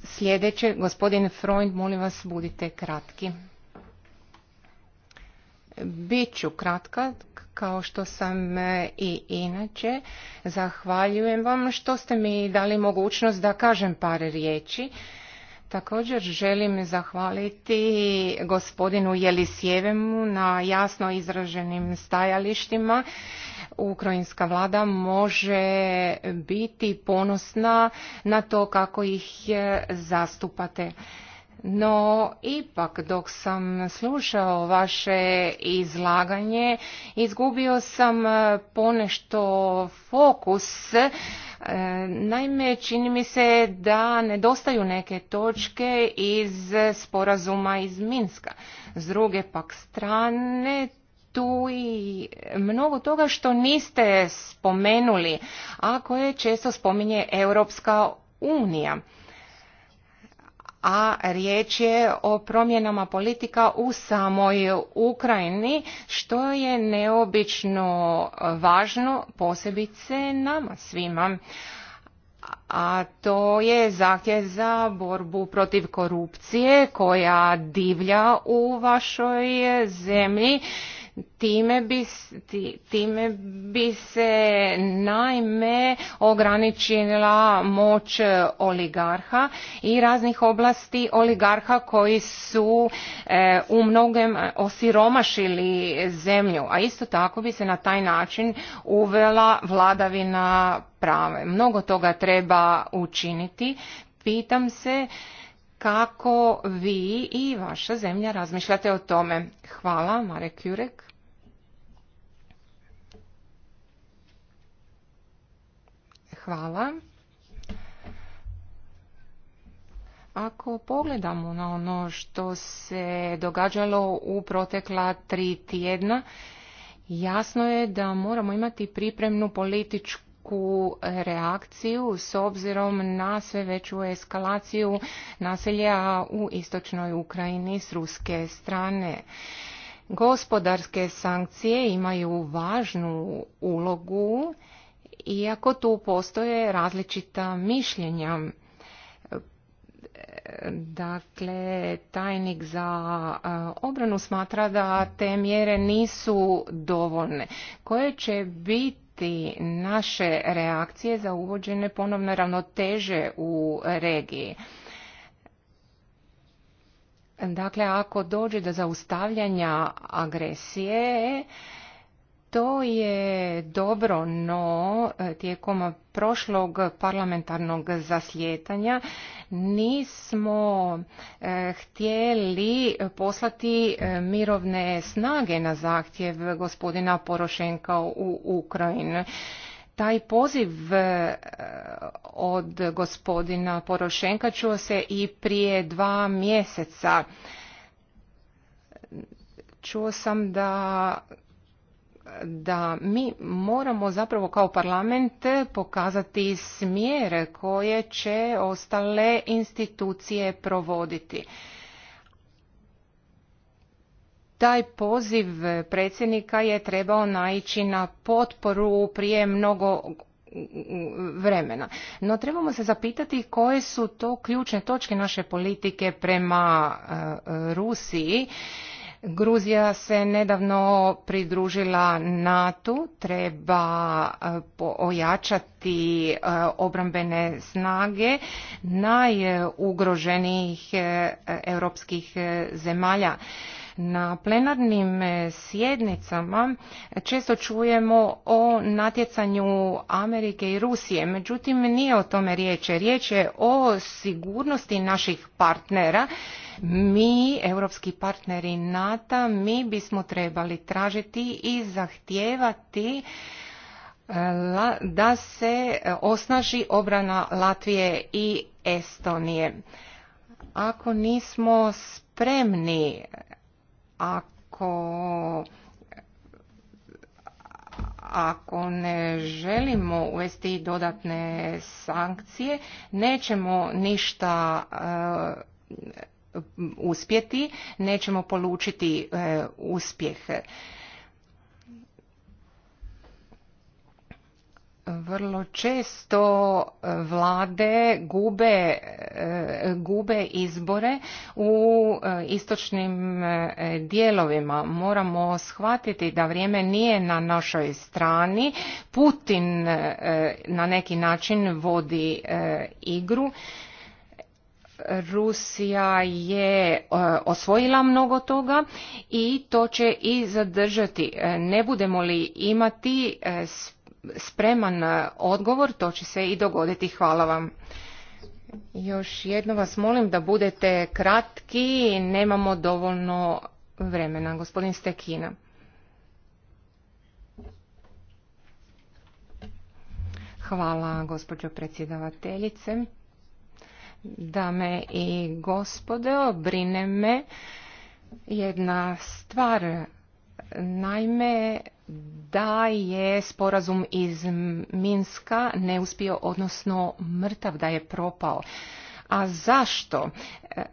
Sljedeće, gospodin Freund, molim vas budite kratki. Bit ću kratka, kao što sam e, i inače. Zahvaljujem vam što ste mi dali mogućnost da kažem par riječi. Također želim zahvaliti gospodinu Jelisjevemu na jasno izraženim stajalištima. Ukrajinska vlada može biti ponosna na to kako ih e, zastupate no ipak dok sam slušao vaše izlaganje izgubio sam e, ponešto fokus e, Naime, čini mi se da nedostaju neke točke iz sporazuma iz Minska. S druge pak strane, tu i mnogo toga što niste spomenuli, a koje često spominje Europska unija a riječ je o promjenama politika u samoj Ukrajini, što je neobično važno posebice nama svima a to je zahtjev za borbu protiv korupcije koja divlja u vašoj zemlji Time bi, time bi se najme ograničila moć oligarha i raznih oblasti oligarha koji su e, u mnogem osiromašili zemlju, a isto tako bi se na taj način uvela vladavina prave. Mnogo toga treba učiniti. Pitam se kako vi i vaša zemlja razmišljate o tome. Hvala, Marek Jurek. Hvala. Ako pogledamo na ono što se događalo u protekla tri tjedna, jasno je da moramo imati pripremnu političku neku reakciju s obzirom na sve veću eskalaciju naselja u istočnoj Ukrajini s ruske strane. Gospodarske sankcije imaju važnu ulogu, iako tu postoje različita mišljenja. Dakle, tajnik za obranu smatra da te mjere nisu dovoljne. Koje će biti koristiti naše reakcije za uvođene ponovne ravnoteže u regiji. Dakle, ako dođe do zaustavljanja agresije, to je dobro, no e, tijekom prošlog parlamentarnog zasljetanja nismo e, htjeli poslati e, mirovne snage na zahtjev gospodina Porošenka u Ukrajinu. Taj poziv od gospodina Porošenka čuo se i prije dva mjeseca. Čuo sam da da mi moramo zapravo kao parlament pokazati smjere koje će ostale institucije provoditi. Taj poziv predsjednika je trebao naići na potporu prije mnogo vremena. No trebamo se zapitati koje su to ključne točke naše politike prema e, Rusiji Gruzija se nedavno pridružila NATO, treba e, ojačati e, obrambene snage najugroženijih e, europskih zemalja. Na plenarnim sjednicama često čujemo o natjecanju Amerike i Rusije, međutim nije o tome riječ. Riječ je o sigurnosti naših partnera mi, europski partneri NATO, mi bismo trebali tražiti i zahtijevati e, da se osnaži obrana Latvije i Estonije. Ako nismo spremni, ako ako ne želimo uvesti dodatne sankcije, nećemo ništa e, uspjeti, nećemo polučiti e, uspjeh. vrlo često vlade gube, e, gube izbore u e, istočnim dijelovima. Moramo shvatiti da vrijeme nije na našoj strani. Putin na neki način vodi igru Rusija je e, osvojila mnogo toga i to će i zadržati. E, ne budemo li imati e, spreman odgovor, to će se i dogoditi. Hvala vam. Još jedno vas molim da budete kratki, nemamo dovoljno vremena. Gospodin Stekina. Hvala gospođo predsjedavateljice dame i gospode, brine me jedna stvar. Naime, da je sporazum iz Minska neuspio, odnosno mrtav da je propao. A zašto? E,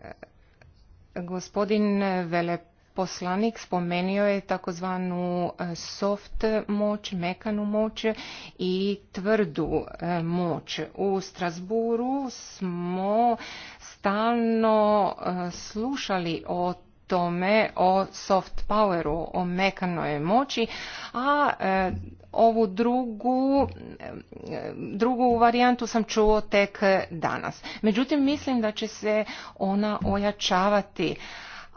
gospodin Velep? Poslanik spomenuo je takozvanu e, soft moć, mekanu moć i tvrdu e, moć. U Strasburu smo stalno e, slušali o tome o soft poweru, o mekanoj moći, a ovu drugu, drugu varijantu sam čuo tek danas. Međutim, mislim da će se ona ojačavati,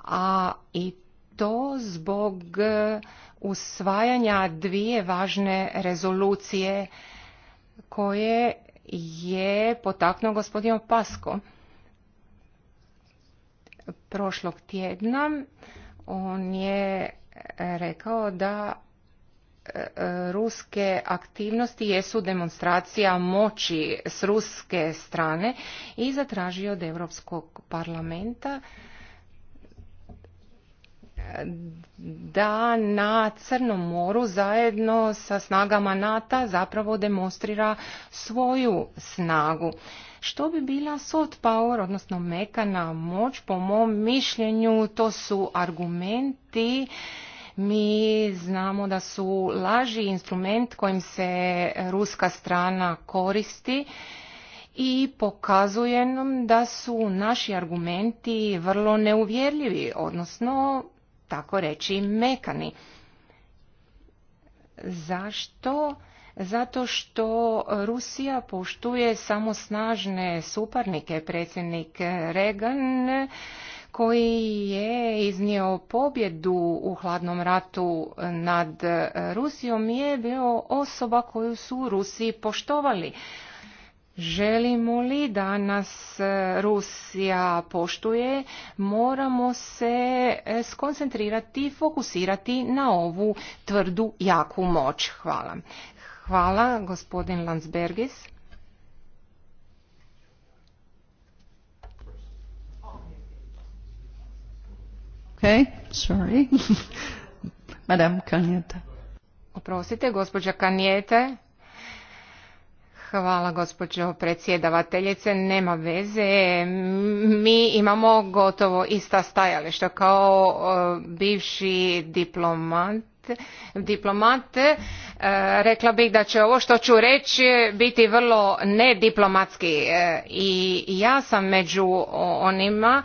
a i to zbog e, usvajanja dvije važne rezolucije koje je potaknuo gospodin Pasko prošlog tjedna. On je e, rekao da e, ruske aktivnosti jesu demonstracija moći s ruske strane i zatražio od Europskog parlamenta da na Crnom moru zajedno sa snagama NATO zapravo demonstrira svoju snagu. Što bi bila soft power, odnosno mekana moć, po mom mišljenju to su argumenti mi znamo da su laži instrument kojim se ruska strana koristi i pokazuje nam da su naši argumenti vrlo neuvjerljivi, odnosno tako reći mekani. Zašto? Zato što Rusija poštuje samo snažne suparnike, predsjednik Reagan koji je iznio pobjedu u hladnom ratu nad Rusijom je bio osoba koju su Rusiji poštovali. Želimo li da nas e, Rusija poštuje, moramo se e, skoncentrirati i fokusirati na ovu tvrdu jaku moć. Hvala. Hvala, gospodin Landsbergis. Okay, sorry. (laughs) Oprostite, gospođa Kanjete. Hvala gospođo predsjedavateljice. Nema veze. Mi imamo gotovo ista stajališta kao e, bivši diplomat diplomat e, rekla bih da će ovo što ću reći biti vrlo nediplomatski e, i ja sam među onima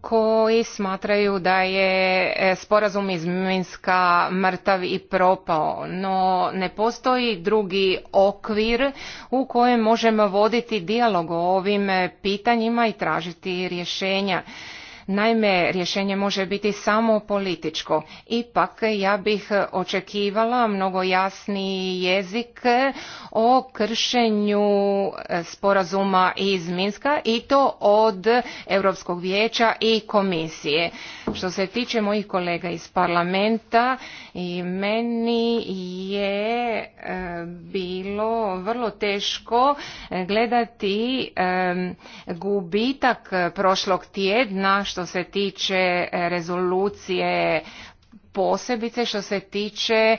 koji smatraju da je e, sporazum iz Minska mrtav i propao, no ne postoji drugi okvir u kojem možemo voditi dijalog o ovim e, pitanjima i tražiti rješenja. Naime, rješenje može biti samo političko. Ipak ja bih očekivala mnogo jasniji jezik o kršenju e, sporazuma iz Minska i to od Europskog vijeća i komisije. Što se tiče mojih kolega iz parlamenta, i meni je e, bilo vrlo teško e, gledati gubitak prošlog tjedna što što se tiče e, rezolucije posebice što se tiče e,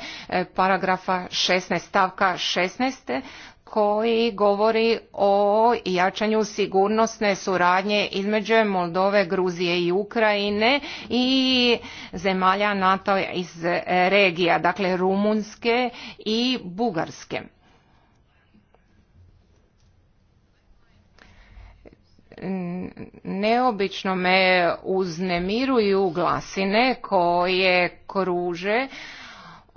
paragrafa 16 stavka 16 koji govori o jačanju sigurnosne suradnje između Moldove, Gruzije i Ukrajine i zemalja NATO iz regija, dakle Rumunske i Bugarske. neobično me uznemiruju glasine koje kruže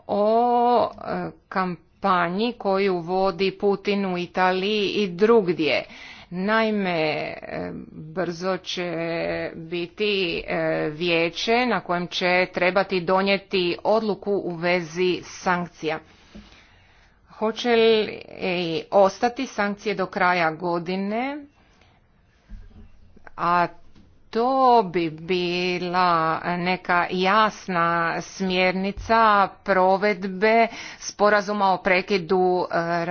o e, kampanji koju vodi Putin u Italiji i drugdje. Naime, e, brzo će biti e, vijeće na kojem će trebati donijeti odluku u vezi sankcija. Hoće li ostati sankcije do kraja godine a to bi bila neka jasna smjernica provedbe sporazuma o prekidu e,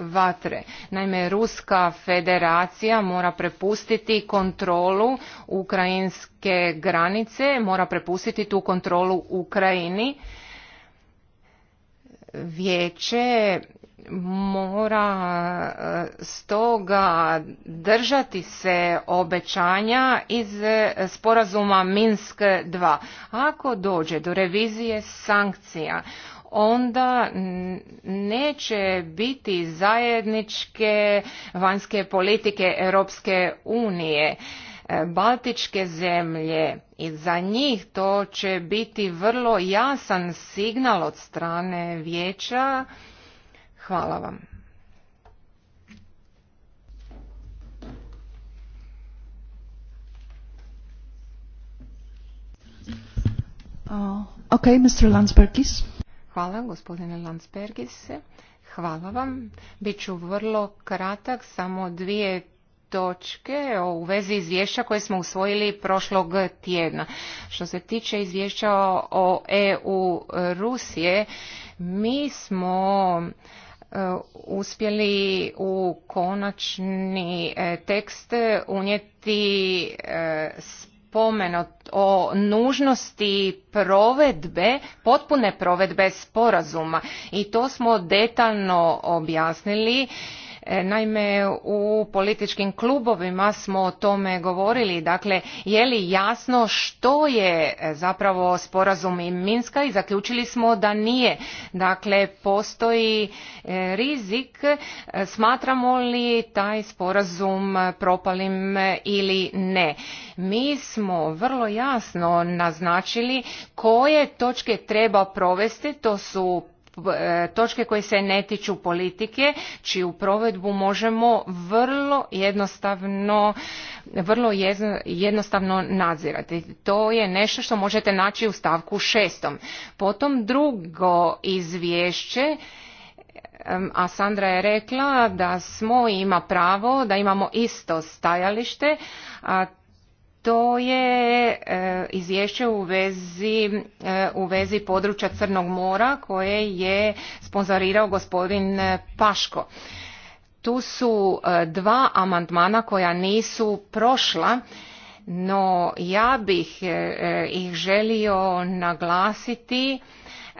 vatre. Naime, Ruska federacija mora prepustiti kontrolu ukrajinske granice, mora prepustiti tu kontrolu Ukrajini. Vijeće mora e, stoga držati se obećanja iz e, sporazuma Minsk 2. Ako dođe do revizije sankcija, onda neće biti zajedničke vanjske politike Europske unije. E, Baltičke zemlje i za njih to će biti vrlo jasan signal od strane vijeća Hvala vam. Uh, Mr. Landsbergis. Hvala, gospodine Landsbergis. Hvala vam. Biću vrlo kratak, samo dvije točke u vezi izvješća koje smo usvojili prošlog tjedna. Što se tiče izvješća o EU Rusije, mi smo E, uspjeli u konačni e, tekst unijeti e, spomenut o nužnosti provedbe, potpune provedbe sporazuma i to smo detaljno objasnili E, naime, u političkim klubovima smo o tome govorili. Dakle, je li jasno što je e, zapravo sporazum i Minska i zaključili smo da nije. Dakle, postoji e, rizik. Smatramo li taj sporazum propalim ili ne? Mi smo vrlo jasno naznačili koje točke treba provesti. To su E, točke koje se ne tiču politike, čiju provedbu možemo vrlo jednostavno vrlo jednostavno nadzirati. To je nešto što možete naći u stavku šestom. Potom drugo izvješće a Sandra je rekla da smo ima pravo da imamo isto stajalište, a to je e, izvješće u vezi, e, u vezi područja Crnog mora koje je sponzorirao gospodin e, Paško. Tu su dva amandmana koja nisu prošla, no ja bih ih želio naglasiti.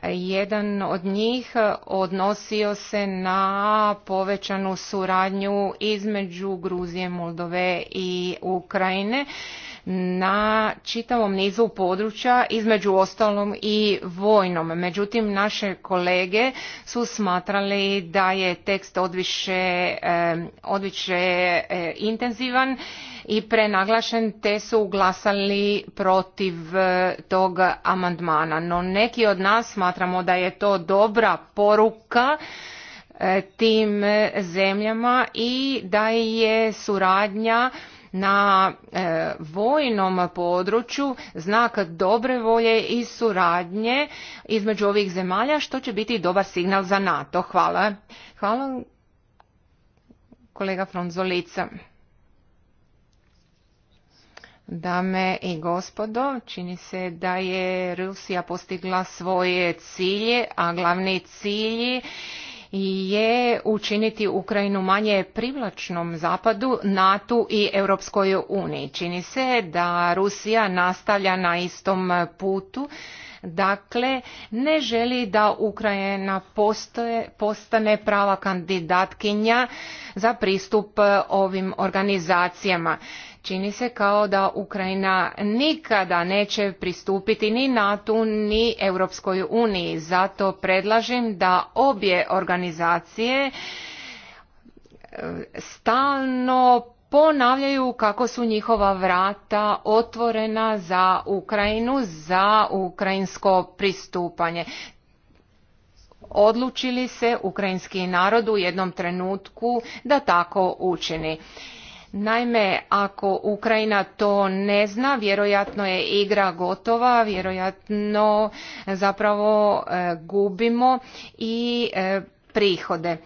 Jedan od njih odnosio se na povećanu suradnju između Gruzije, Moldove i Ukrajine na čitavom nizu područja, između ostalom i vojnom. Međutim, naše kolege su smatrali da je tekst odviše, odviše eh, intenzivan i prenaglašen te su glasali protiv eh, tog amandmana. No neki od nas smatramo da je to dobra poruka eh, tim zemljama i da je suradnja na e, vojnom području znak dobre volje i suradnje između ovih zemalja što će biti dobar signal za NATO. Hvala. Hvala kolega Fronzolica. Dame i gospodo, čini se da je Rusija postigla svoje cilje, a glavni cilji je učiniti Ukrajinu manje privlačnom zapadu, NATO i Europskoj uniji. Čini se da Rusija nastavlja na istom putu dakle ne želi da Ukrajina postane prava kandidatkinja za pristup ovim organizacijama Čini se kao da Ukrajina nikada neće pristupiti ni NATO ni Europskoj uniji. Zato predlažem da obje organizacije e, stalno ponavljaju kako su njihova vrata otvorena za Ukrajinu, za ukrajinsko pristupanje. Odlučili se ukrajinski narod u jednom trenutku da tako učini. Naime, ako Ukrajina to ne zna, vjerojatno je igra gotova, vjerojatno zapravo e, gubimo i e, prihode.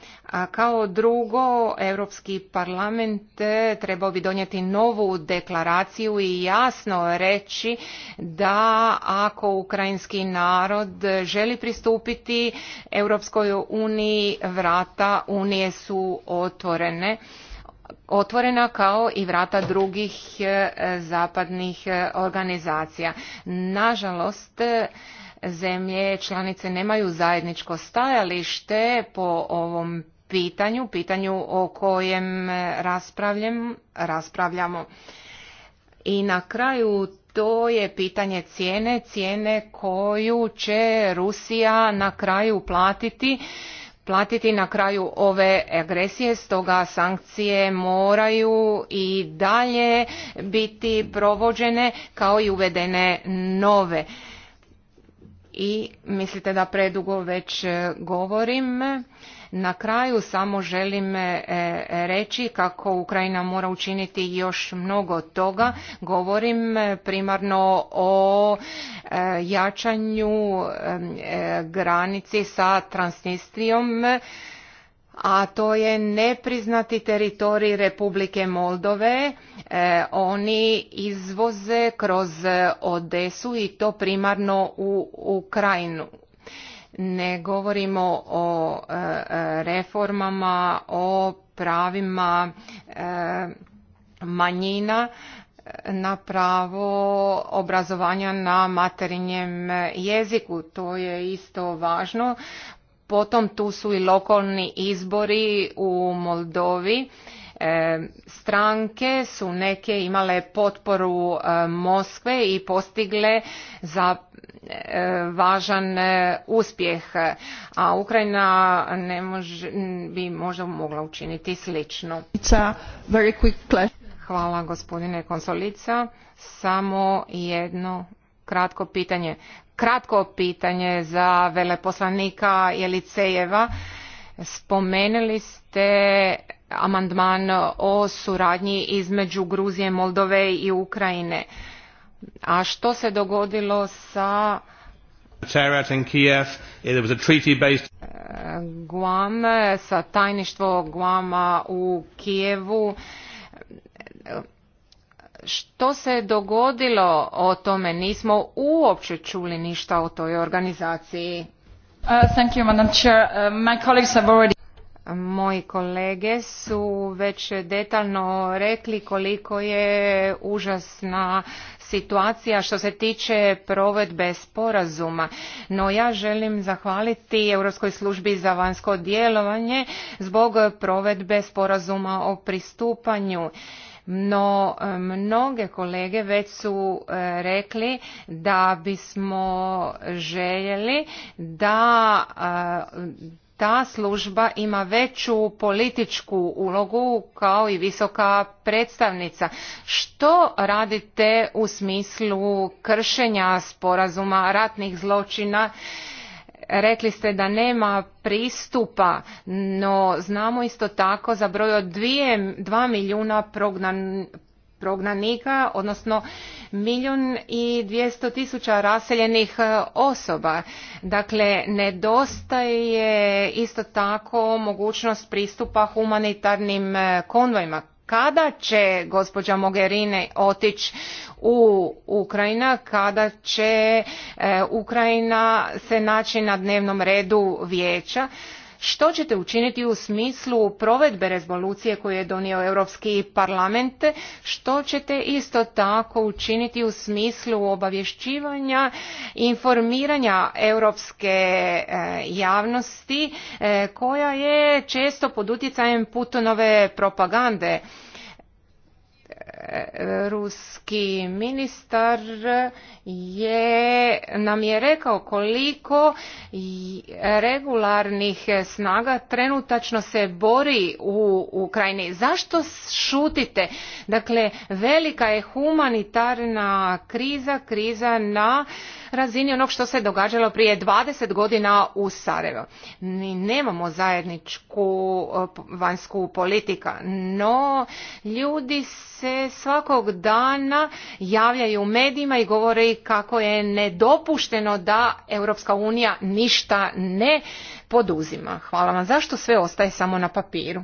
kao drugo, Europski parlament e, trebao bi donijeti novu deklaraciju i jasno reći da ako ukrajinski narod želi pristupiti Europskoj uniji, vrata unije su otvorene otvorena kao i vrata drugih e, zapadnih e, organizacija. Nažalost, e, zemlje članice nemaju zajedničko stajalište po ovom pitanju, pitanju o kojem raspravljamo. I na kraju to je pitanje cijene, cijene koju će Rusija na kraju platiti platiti na kraju ove agresije, stoga sankcije moraju i dalje biti provođene kao i uvedene nove. I mislite da predugo već govorim. Na kraju samo želim e, e, reći kako Ukrajina mora učiniti još mnogo toga. Govorim e, primarno o jačanju granici sa Transnistrijom a to je nepriznati teritorij Republike Moldove. oni izvoze kroz Odesu i to primarno u Ukrajinu ne govorimo o e, e, reformama, o pravima e, manjina na pravo obrazovanja na materinjem jeziku. To je isto važno. Potom tu su i lokalni izbori u Moldovi E, stranke su neke imale potporu e, Moskve i postigle za e, važan uspjeh, a Ukrajina ne može, bi možda mogla učiniti slično. Hvala gospodine Konsolica. Samo jedno kratko pitanje. Kratko pitanje za veleposlanika Jelicejeva. Spomenuli ste amandman o suradnji između Gruzije, Moldove i Ukrajine. A što se dogodilo sa uh, Guam, sa tajništvo Guama u Kijevu? Što se dogodilo o tome? Nismo uopće čuli ništa o toj organizaciji. Uh, Madam Chair. Uh, Moji kolege su već detaljno rekli koliko je užasna situacija što se tiče provedbe sporazuma, no ja želim zahvaliti Europskoj službi za vanjsko djelovanje zbog provedbe sporazuma o pristupanju. No, mnoge kolege već su e, rekli da bismo željeli da e, ta služba ima veću političku ulogu kao i visoka predstavnica. Što radite u smislu kršenja sporazuma ratnih zločina? Rekli ste da nema pristupa, no znamo isto tako za broj od 2 milijuna prognanika, odnosno milijun i dvijesto tisuća raseljenih e, osoba. Dakle, nedostaje isto tako mogućnost pristupa humanitarnim e, konvojima. Kada će gospođa Mogherini otići u Ukrajina, kada će e, Ukrajina se naći na dnevnom redu vijeća? što ćete učiniti u smislu provedbe rezolucije koju je donio Europski parlament, što ćete isto tako učiniti u smislu obavješćivanja, informiranja europske e, javnosti e, koja je često pod utjecajem putonove propagande ruski ministar je nam je rekao koliko regularnih snaga trenutačno se bori u Ukrajini. Zašto šutite? Dakle, velika je humanitarna kriza, kriza na razini onog što se događalo prije 20 godina u Sarajevo. Mi nemamo zajedničku vanjsku politika, no ljudi se svakog dana javljaju u medijima i govore kako je nedopušteno da Europska unija ništa ne poduzima. Hvala vam. Zašto sve ostaje samo na papiru?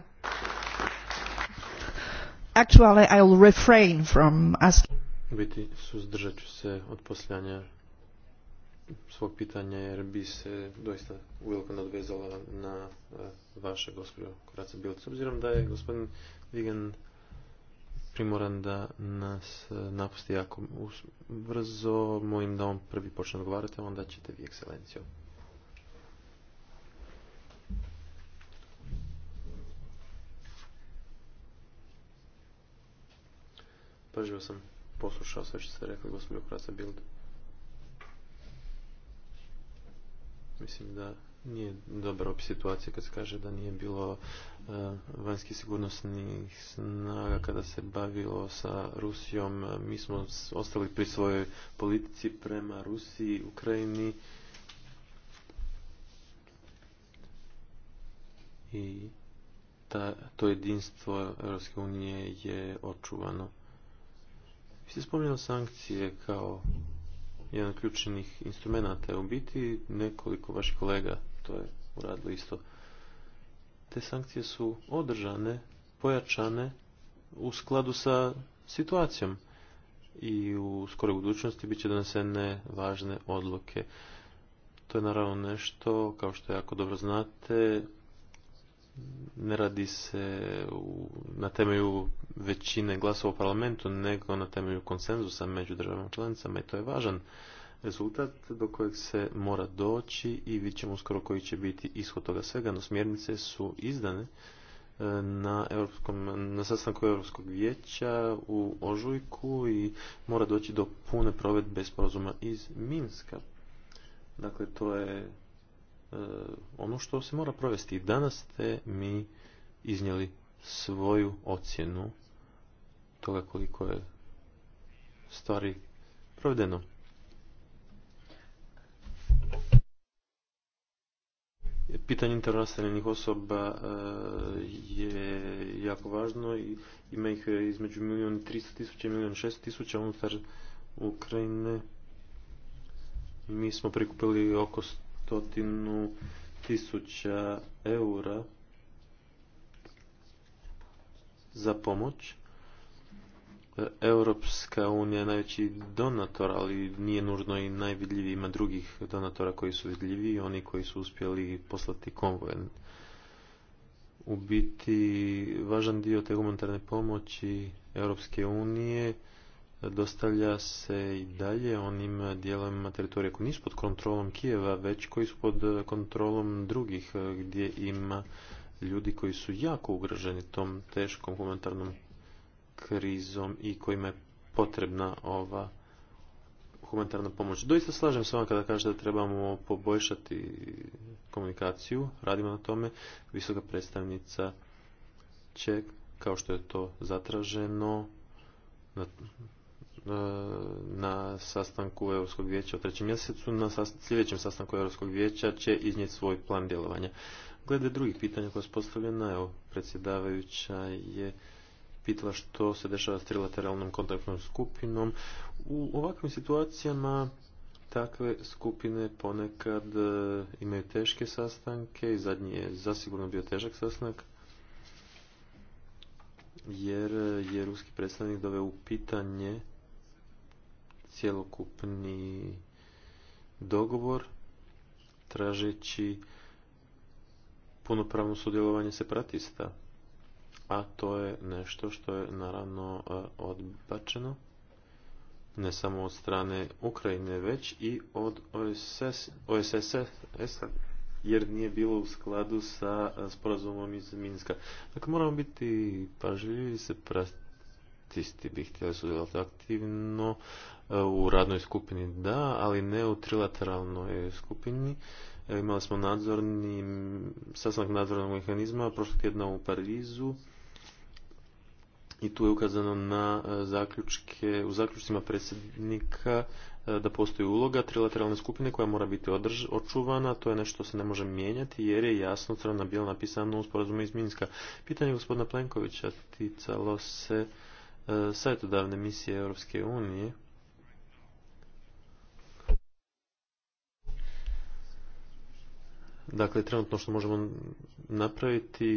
Actually, I will refrain from asking. Biti suzdržat ću se od posljanja svog pitanja jer bi se doista uveliko nadvezala na eh, vaše gospodine Koraca Bilt. S obzirom da je gospodin Vigan moram da nas e, napusti jako brzo. Mojim da on prvi počne odgovarati, a onda ćete vi, ekscelenciju. Pažljivo sam poslušao sve što ste rekli, gospođo Krasa Bild. Mislim da nije dobra opis situacije kad se kaže da nije bilo E, vanjskih sigurnosnih snaga kada se bavilo sa Rusijom. Mi smo ostali pri svojoj politici prema Rusiji, Ukrajini i to jedinstvo Europske unije je očuvano. Vi ste spominjali sankcije kao jedan od ključnih instrumenta. U biti nekoliko vaših kolega to je uradilo isto te sankcije su održane, pojačane u skladu sa situacijom i u skoroj budućnosti bit će donesene važne odluke. To je naravno nešto, kao što jako dobro znate, ne radi se na temelju većine glasova u parlamentu, nego na temelju konsenzusa među državama članicama i to je važan rezultat do kojeg se mora doći i vidjet ćemo skoro koji će biti ishod toga svega, no smjernice su izdane e, na, na sastanku Europskog vijeća u Ožujku i mora doći do pune provedbe sporazuma iz Minska. Dakle, to je e, ono što se mora provesti. I danas ste mi iznijeli svoju ocjenu toga koliko je stvari provedeno. pitanje internacionalnih osoba eh, je jako važno i ima ih eh, između milijun i 300 tisuća i milijun 600 tisuća unutar Ukrajine. Mi smo prikupili oko stotinu tisuća eura za pomoć Europska unija je najveći donator, ali nije nužno i najvidljiviji. Ima drugih donatora koji su vidljiviji, oni koji su uspjeli poslati konvoj. U biti, važan dio te humanitarne pomoći Europske unije dostavlja se i dalje onim dijelovima teritorija koji nisu pod kontrolom Kijeva, već koji su pod kontrolom drugih, gdje ima ljudi koji su jako ugroženi tom teškom humanitarnom krizom i kojima je potrebna ova humanitarna pomoć. Doista slažem s vama kada kažete da trebamo poboljšati komunikaciju, radimo na tome. Visoka predstavnica će, kao što je to zatraženo, na, e, na sastanku Europskog vijeća u trećem mjesecu, na sljedećem sastanku Europskog vijeća će iznijeti svoj plan djelovanja. Glede drugih pitanja koja su postavljena, evo, predsjedavajuća je pitala što se dešava s trilateralnom kontaktnom skupinom. U ovakvim situacijama takve skupine ponekad e, imaju teške sastanke i zadnji je zasigurno bio težak sastanak jer je ruski predstavnik doveo u pitanje cjelokupni dogovor tražeći punopravno sudjelovanje separatista a to je nešto što je naravno e, odbačeno ne samo od strane Ukrajine, već i od OSS, OSSS jer nije bilo u skladu sa e, sporazumom iz Minska. Dakle, moramo biti pažljivi se pratisti bih htjeli sudjelovati aktivno e, u radnoj skupini da, ali ne u trilateralnoj skupini. Imali smo nadzorni, sastanak nadzornog mehanizma prošlog tjedna u Parizu i tu je ukazano na e, zaključke, u zaključcima predsjednika e, da postoji uloga trilateralne skupine koja mora biti održ, očuvana, to je nešto što se ne može mijenjati jer je jasno crno bilo napisano u sporazumu iz Minska. Pitanje gospodina Plenkovića ticalo se e, savjetodavne misije Europske unije. Dakle, trenutno što možemo napraviti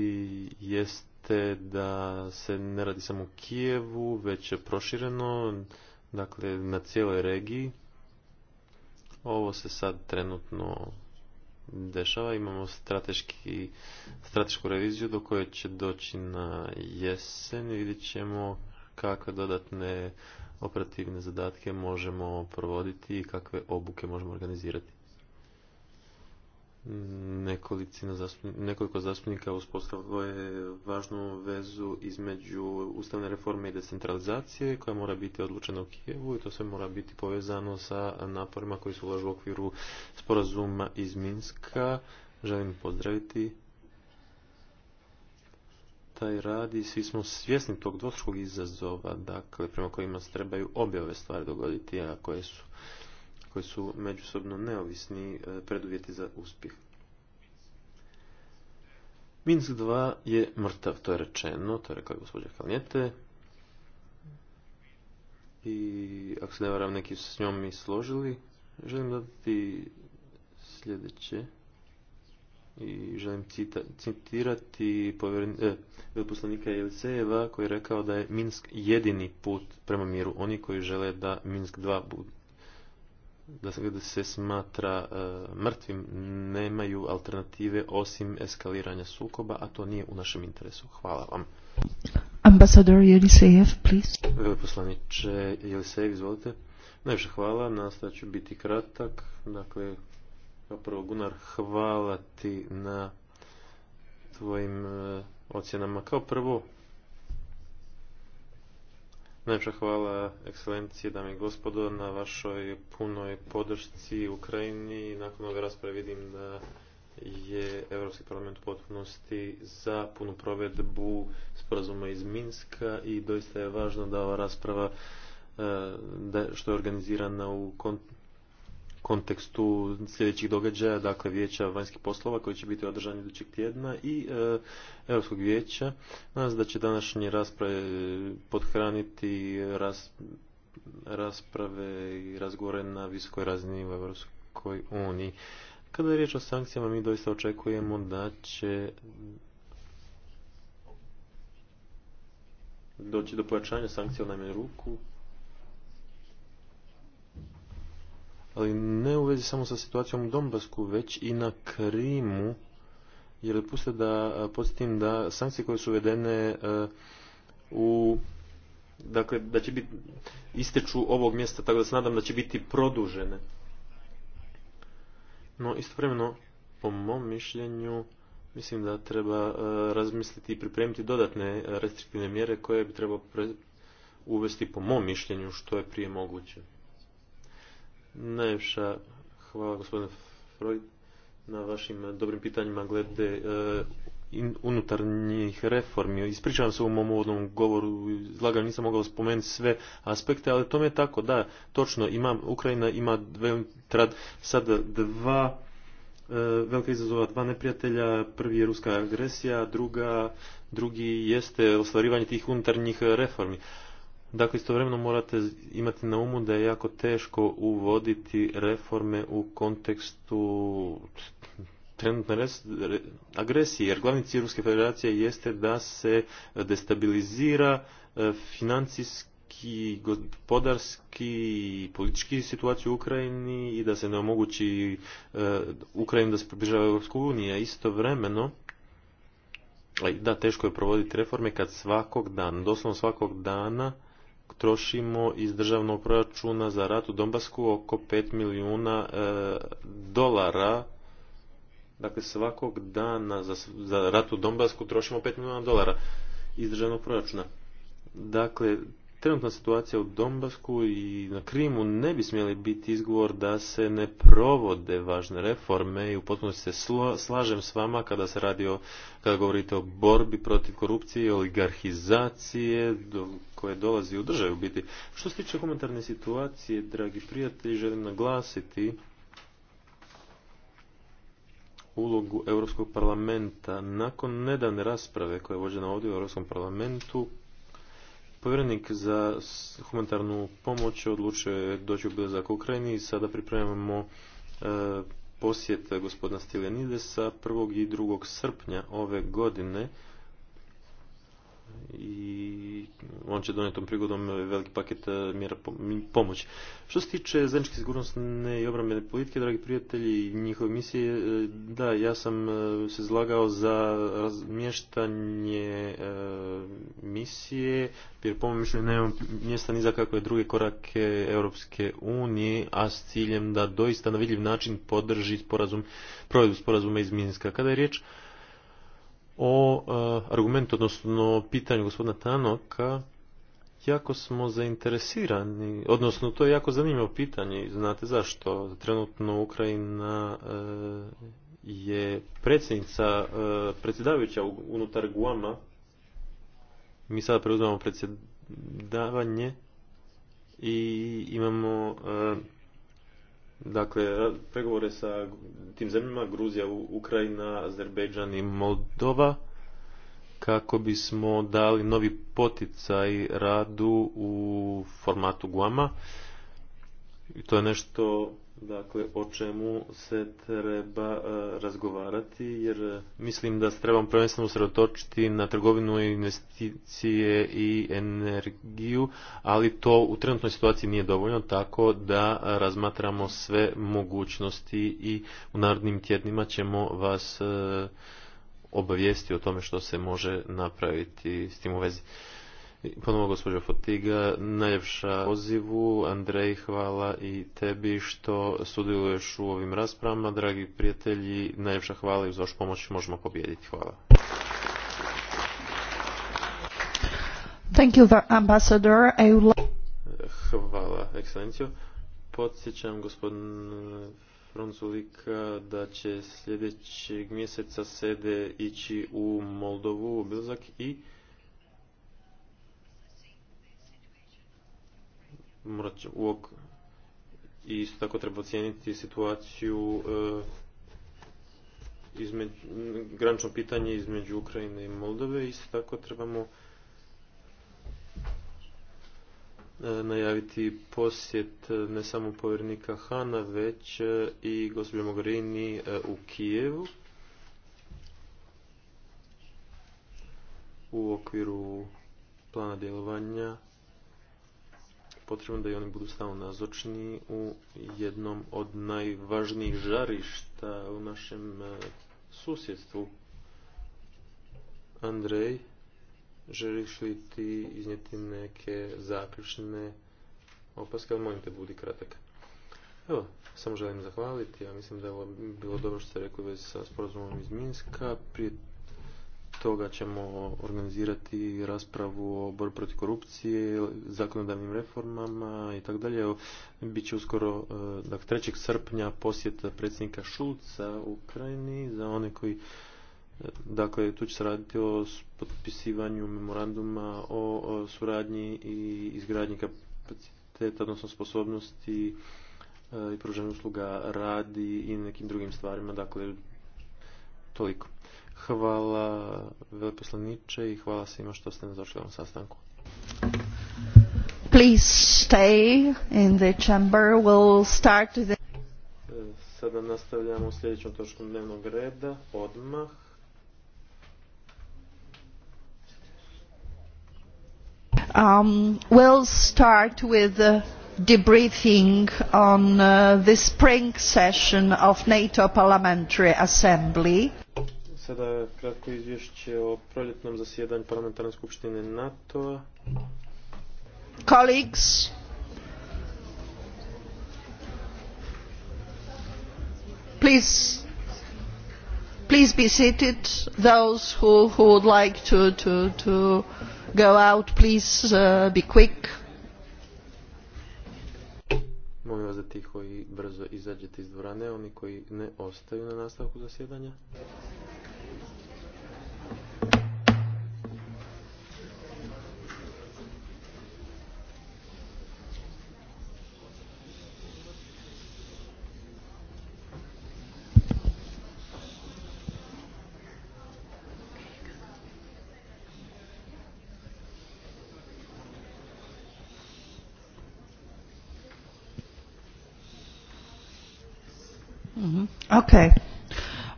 jest te da se ne radi samo o Kijevu, već je prošireno, dakle, na cijeloj regiji. Ovo se sad trenutno dešava. Imamo stratešku reviziju do koje će doći na jesen. Vidjet ćemo kakve dodatne operativne zadatke možemo provoditi i kakve obuke možemo organizirati nekoliko zastupnika uspostavilo je važnu vezu između ustavne reforme i decentralizacije koja mora biti odlučena u Kijevu i to sve mora biti povezano sa naporima koji su ulažu u okviru sporazuma iz Minska. Želim pozdraviti taj rad i svi smo svjesni tog dvostrukog izazova dakle, prema kojima se trebaju obje ove stvari dogoditi, a koje su koji su međusobno neovisni e, preduvjeti za uspjeh. Minsk 2 je mrtav, to je rečeno, to je rekao je gospođa Kalnjete. I ako se ne varam, neki su s njom i složili. Želim dati sljedeće. I želim cita, citirati e, veleposlanika koji je rekao da je Minsk jedini put prema miru. Oni koji žele da Minsk 2 da se, da se smatra e, mrtvim nemaju alternative osim eskaliranja sukoba, a to nije u našem interesu. Hvala vam. Ambasador Jelisejev, please. Jelisejev, e, izvolite. Najviše hvala, nastavit ću biti kratak. Dakle, prvo Gunar, hvala ti na tvojim e, ocjenama. Kao prvo, Najpša hvala, ekscelencije, dame i gospodo, na vašoj punoj podršci Ukrajini. Nakon ove rasprave vidim da je Europski parlament u potpunosti za punu provedbu sporazuma iz Minska i doista je važno da ova rasprava eh, što je organizirana u kontekstu sljedećih događaja, dakle vijeća vanjskih poslova koji će biti održani idućeg tjedna i e, Europskog vijeća. Nas da će današnje rasprave podhraniti rasprave i razgovore na visokoj razini u Europskoj uniji. Kada je riječ o sankcijama, mi doista očekujemo da će doći do pojačanja sankcija u najmanju ruku ali ne u vezi samo sa situacijom u Donbasku, već i na Krimu, jer puste da podsjetim da sankcije koje su uvedene u dakle da će biti isteču ovog mjesta tako da se nadam da će biti produžene no istovremeno po mom mišljenju mislim da treba razmisliti i pripremiti dodatne restriktivne mjere koje bi trebalo uvesti po mom mišljenju što je prije moguće Najljepša hvala gospodine Freud na vašim eh, dobrim pitanjima glede eh, unutarnjih reformi. Ispričavam se u mom uvodnom govoru, izlaganju nisam mogao spomenuti sve aspekte, ali tome je tako, da, točno, ima, Ukrajina ima dve, trad, sad dva eh, velika izazova, dva neprijatelja, prvi je ruska agresija, druga, drugi jeste ostvarivanje tih unutarnjih reformi. Dakle, istovremeno morate imati na umu da je jako teško uvoditi reforme u kontekstu trenutne agresije, jer glavni cilj Ruske federacije jeste da se destabilizira e, financijski, gospodarski i politički situaciju u Ukrajini i da se ne omogući e, Ukrajini da se približava Europsku uniju, a istovremeno e, da, teško je provoditi reforme kad svakog dana, doslovno svakog dana trošimo iz državnog proračuna za rat u Donbasku oko 5 milijuna e, dolara. Dakle, svakog dana za, za rat u Donbasku trošimo 5 milijuna dolara iz državnog proračuna. Dakle, trenutna situacija u Donbasku i na Krimu ne bi smjeli biti izgovor da se ne provode važne reforme i u potpunosti se slažem s vama kada se radi o, kada govorite o borbi protiv korupcije, i oligarhizacije koje dolazi u državi u biti. Što se tiče komentarne situacije, dragi prijatelji, želim naglasiti ulogu Europskog parlamenta. Nakon nedavne rasprave koja je vođena ovdje u Europskom parlamentu, Povjerenik za humanitarnu pomoć odlučio doći u blizak Ukrajini i sada pripremamo e, posjet gospodina Stiljanidesa 1. i 2. srpnja ove godine i on će donijeti tom prigodom veliki paket e, mjera pomoći. Što se tiče zajedničke sigurnosne i obrambene politike, dragi prijatelji, njihove misije, e, da, ja sam e, se zlagao za razmještanje misije, jer po mojom nema mjesta ni za kakve druge korake Europske unije, a s ciljem da doista na vidljiv način podrži sporazum, provedbu sporazuma iz Minska. Kada je riječ o e, argumentu, odnosno pitanju gospodina Tanoka, jako smo zainteresirani, odnosno to je jako zanimljivo pitanje, znate zašto? Trenutno Ukrajina e, je predsjednica, e, predsjedavajuća unutar Guama, mi sada preuzimamo predsjedavanje i imamo Dakle, pregovore sa tim zemljama, Gruzija, Ukrajina, Azerbejdžan i Moldova, kako bismo dali novi poticaj radu u formatu Guama. I to je nešto dakle o čemu se treba e, razgovarati jer e, mislim da se trebamo prvenstveno usredotočiti na trgovinu investicije i energiju, ali to u trenutnoj situaciji nije dovoljno tako da razmatramo sve mogućnosti i u narodnim tjednima ćemo vas e, obavijesti o tome što se može napraviti s tim u vezi. Ponovo gospođo Fotiga, najljepša pozivu. Andrej, hvala i tebi što sudjeluješ u ovim raspravama. Dragi prijatelji, najljepša hvala i uz vašu pomoć možemo pobijediti. Hvala. Hvala, ekscelencijo. Podsjećam gospodin Frunzulika da će sljedećeg mjeseca sede ići u Moldovu, u Bilzak i morat će i isto tako treba ocijeniti situaciju e, grančno pitanje između Ukrajine i Moldove. Isto tako trebamo e, najaviti posjet e, ne samo povjernika Hana, već i gospodinu Mogherini u Kijevu u okviru plana djelovanja potrebno da i oni budu stalno nazočni u jednom od najvažnijih žarišta u našem e, susjedstvu. Andrej, želiš li ti iznijeti neke zaključne opaske, ali molim te budi kratak. Evo, samo želim zahvaliti, ja mislim da je bilo dobro što ste rekli već sa sporazumom iz Minska. Prije toga ćemo organizirati raspravu o borbi protiv korupcije, zakonodavnim reformama i tako dalje. Biće uskoro, e, dakle, 3. srpnja posjet predsjednika Šulca u Ukrajini za one koji e, Dakle, tu će se raditi o potpisivanju memoranduma, o suradnji i izgradnji kapaciteta, odnosno sposobnosti e, i pružanju usluga radi i nekim drugim stvarima. Dakle, toliko. Hvala veleposlaniče i hvala svima što ste nas došli ovom sastanku. Please stay in the chamber. We'll start the... E, sada nastavljamo sljedećom točkom dnevnog reda, odmah. Um, we'll start with the debriefing on uh, the spring session of NATO Parliamentary Assembly. Sada kratko izvješće o proljetnom zasjedanju parlamentarne skupštine NATO-a. Colleagues, please, please be seated. Those who, who would like to, to, to go out, please uh, be quick. Molim vas da tiho i brzo izađete iz dvorane, oni koji ne ostaju na nastavku zasjedanja. Okay.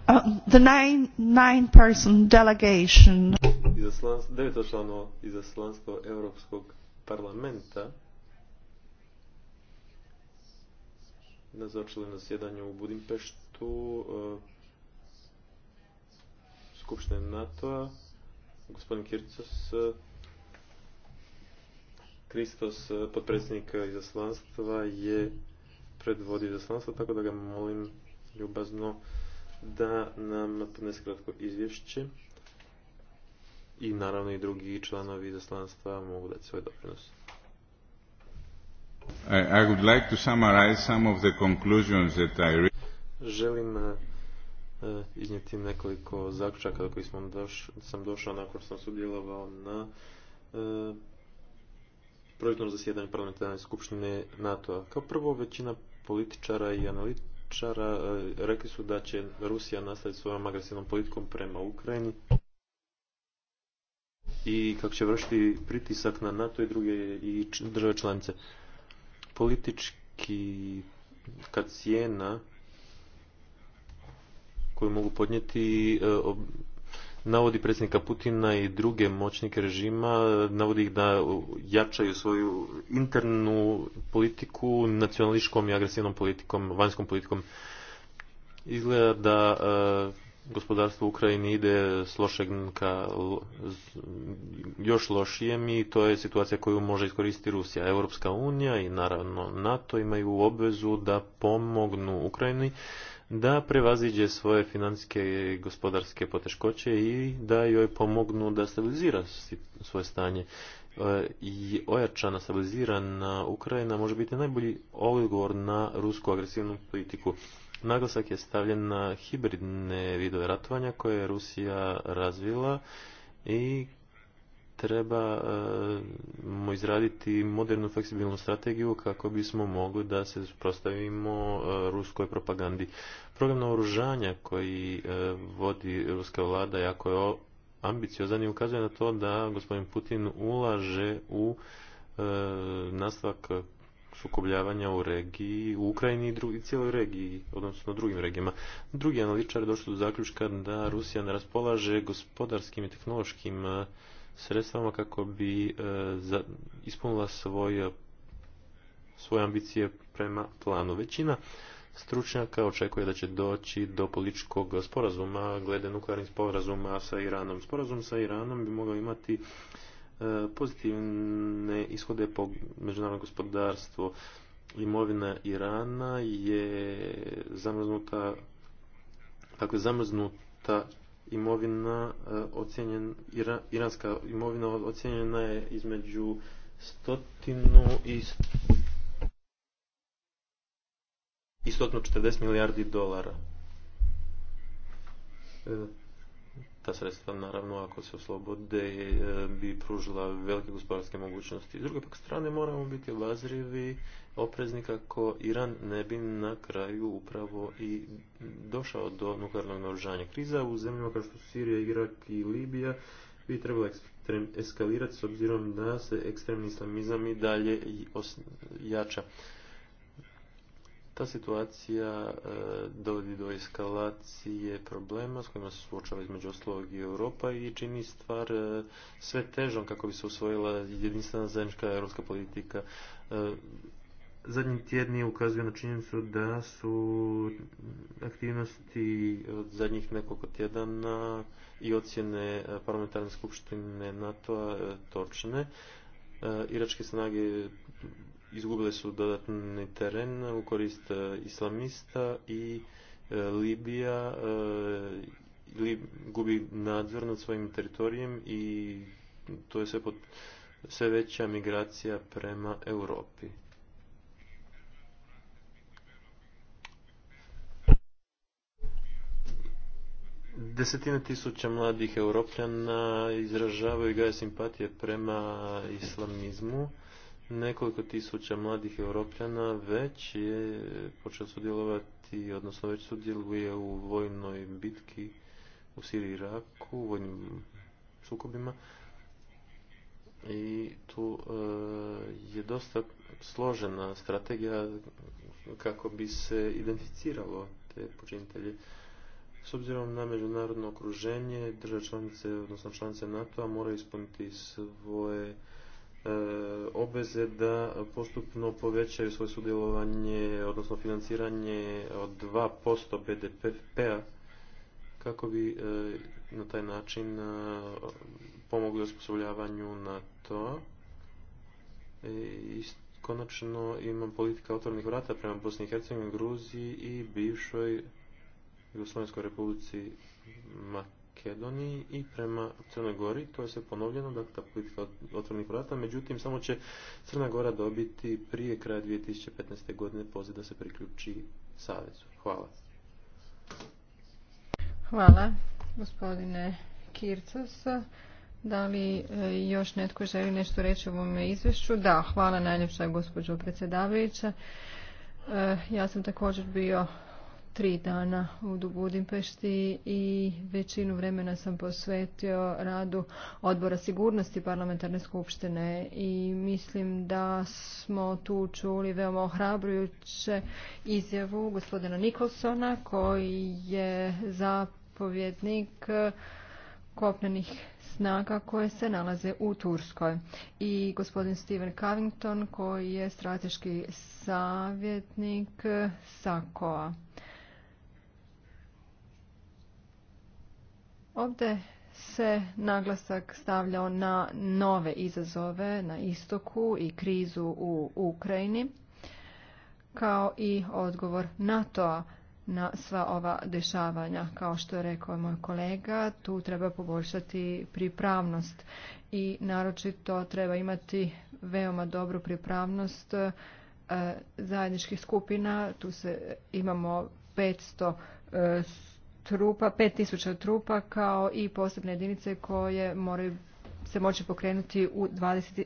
Uh, the nine, person delegation. izaslanstvo Europskog parlamenta nazočili na sjedanju u Budimpeštu e, Skupštine NATO-a gospodin Kircos e, Kristos, e, potpredsjednik izaslanstva, je predvodi izaslanstva, tako da ga molim ljubazno da nam podnese kratko izvješće i naravno i drugi članovi izaslanstva mogu dati svoj doprinos. Želim iznijeti nekoliko zaključaka do kojih sam došao nakon što sam sudjelovao na uh, zasjedanju parlamentarne skupštine NATO-a. Kao prvo, većina političara i analitika političara e, rekli su da će Rusija nastaviti svojom agresivnom politikom prema Ukrajini i kako će vršiti pritisak na NATO i druge i države članice. Politički kad cijena koju mogu podnijeti e, navodi predsjednika Putina i druge moćnike režima, navodi ih da jačaju svoju internu politiku nacionalističkom i agresivnom politikom, vanjskom politikom. Izgleda da e, gospodarstvo Ukrajine ide s lošeg ka još lošijem i to je situacija koju može iskoristiti Rusija. Europska unija i naravno NATO imaju obvezu da pomognu Ukrajini da prevaziđe svoje financijske i gospodarske poteškoće i da joj pomognu da stabilizira svoje stanje. E, I ojačana, stabilizirana Ukrajina može biti najbolji odgovor na rusku agresivnu politiku. Naglasak je stavljen na hibridne vidove ratovanja koje je Rusija razvila i trebamo e, izraditi modernu fleksibilnu strategiju kako bismo mogli da se suprotstavimo e, ruskoj propagandi. Program naoružanja koji e, vodi ruska vlada jako je ambiciozan i ukazuje na to da gospodin Putin ulaže u nastavak sukobljavanja u regiji, u Ukrajini i cijeloj regiji, odnosno drugim regijama. Drugi analitičar došli do zaključka da Rusija ne raspolaže gospodarskim i tehnološkim sredstvama kako bi e, ispunila svoje ambicije prema planu. Većina stručnjaka očekuje da će doći do političkog sporazuma glede nuklearnih sporazuma sa Iranom. Sporazum sa Iranom bi mogao imati e, pozitivne ishode po međunarodno gospodarstvo. Imovina Irana je zamrznuta, dakle zamrznuta imovina e, ocjenjen, iranska imovina ocjenjena je između stotinu i i 140 milijardi dolara. E, ta sredstva naravno ako se oslobode e, bi pružila velike gospodarske mogućnosti. S druge pak strane moramo biti obazrivi oprezni kako Iran ne bi na kraju upravo i došao do nuklearnog naoružanja. Kriza u zemljama kao što su Sirija, Irak i Libija bi trebala eskalirati s obzirom da se ekstremni islamizam i dalje jača. Ta situacija e, dovodi do eskalacije problema s kojima se suočava između ostalog i Europa i čini stvar e, sve težom kako bi se usvojila jedinstvena zajednička europska politika. E, zadnji tjedni ukazuju na činjenicu da su aktivnosti od zadnjih nekoliko tjedana i ocjene parlamentarne skupštine NATO-a točne. Iračke snage izgubile su dodatni teren u korist e, islamista i e, Libija e, gubi nadzor nad svojim teritorijem i to je sve, veća migracija prema Europi. Desetine tisuća mladih europljana izražavaju gaje simpatije prema islamizmu nekoliko tisuća mladih europljana već je počeo sudjelovati, odnosno već sudjeluje u vojnoj bitki u Siriji i Iraku, u vojnim sukobima. I tu e, je dosta složena strategija kako bi se identificiralo te počinitelje. S obzirom na međunarodno okruženje, države članice, odnosno članice NATO-a moraju ispuniti svoje E, obveze da postupno povećaju svoje sudjelovanje, odnosno financiranje od 2% BDP-a kako bi e, na taj način e, pomogli osposobljavanju na to. I konačno imam politika otvornih vrata prema Bosni i Hercegovini, Gruziji i bivšoj Jugoslovenskoj republici Ma. Makedoniji i prema Crnoj Gori. To je sve ponovljeno, dakle ta politika otvornih vrata. Međutim, samo će Crna Gora dobiti prije kraja 2015. godine poziv da se priključi Savezu. Hvala. Hvala, gospodine kircas Da li e, još netko želi nešto reći u ovome izvješću? Da, hvala najljepša gospođo predsjedavajuća. E, ja sam također bio tri dana u Budimpešti i većinu vremena sam posvetio radu odbora sigurnosti parlamentarne skupštine i mislim da smo tu čuli veoma ohrabrujuće izjavu gospodina Nikolsona koji je zapovjednik kopnenih snaga koje se nalaze u Turskoj i gospodin Steven Covington koji je strateški savjetnik SAKOA. Ovdje se naglasak stavljao na nove izazove na istoku i krizu u Ukrajini, kao i odgovor NATO-a na sva ova dešavanja. Kao što je rekao moj kolega, tu treba poboljšati pripravnost i naročito treba imati veoma dobru pripravnost e, zajedničkih skupina. Tu se imamo 500 trupa, 5000 trupa kao i posebne jedinice koje moraju se moći pokrenuti u 20,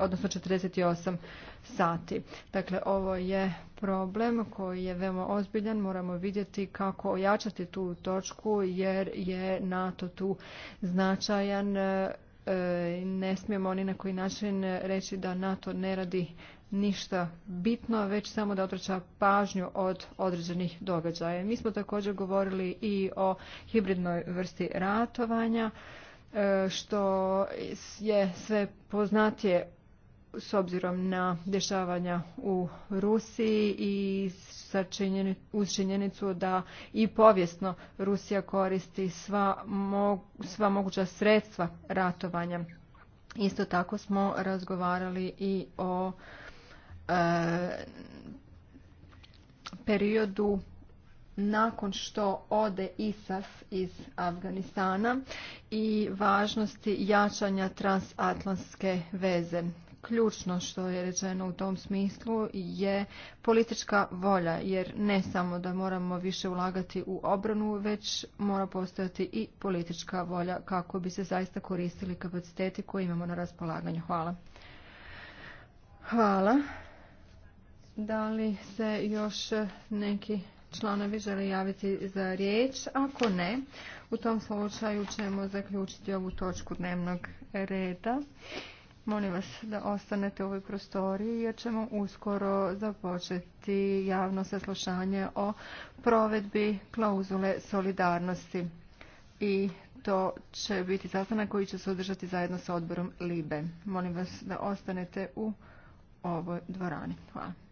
odnosno 48 sati. Dakle, ovo je problem koji je veoma ozbiljan. Moramo vidjeti kako ojačati tu točku jer je NATO tu značajan. E, ne smijemo ni na koji način reći da NATO ne radi ništa bitno, već samo da otraća pažnju od određenih događaja. Mi smo također govorili i o hibridnoj vrsti ratovanja, e, što je sve poznatije s obzirom na dešavanja u Rusiji i uz činjenicu da i povijesno Rusija koristi sva moguća sredstva ratovanja. Isto tako smo razgovarali i o E, periodu nakon što ode ISAF iz Afganistana i važnosti jačanja transatlantske veze. Ključno što je rečeno u tom smislu je politička volja, jer ne samo da moramo više ulagati u obranu, već mora postojati i politička volja kako bi se zaista koristili kapaciteti koje imamo na raspolaganju. Hvala. Hvala. Da li se još neki članovi žele javiti za riječ? Ako ne, u tom slučaju ćemo zaključiti ovu točku dnevnog reda. Molim vas da ostanete u ovoj prostoriji jer ćemo uskoro započeti javno saslušanje o provedbi klauzule solidarnosti. I to će biti sastanak koji će se održati zajedno sa odborom LIBE. Molim vas da ostanete u ovoj dvorani. Hvala.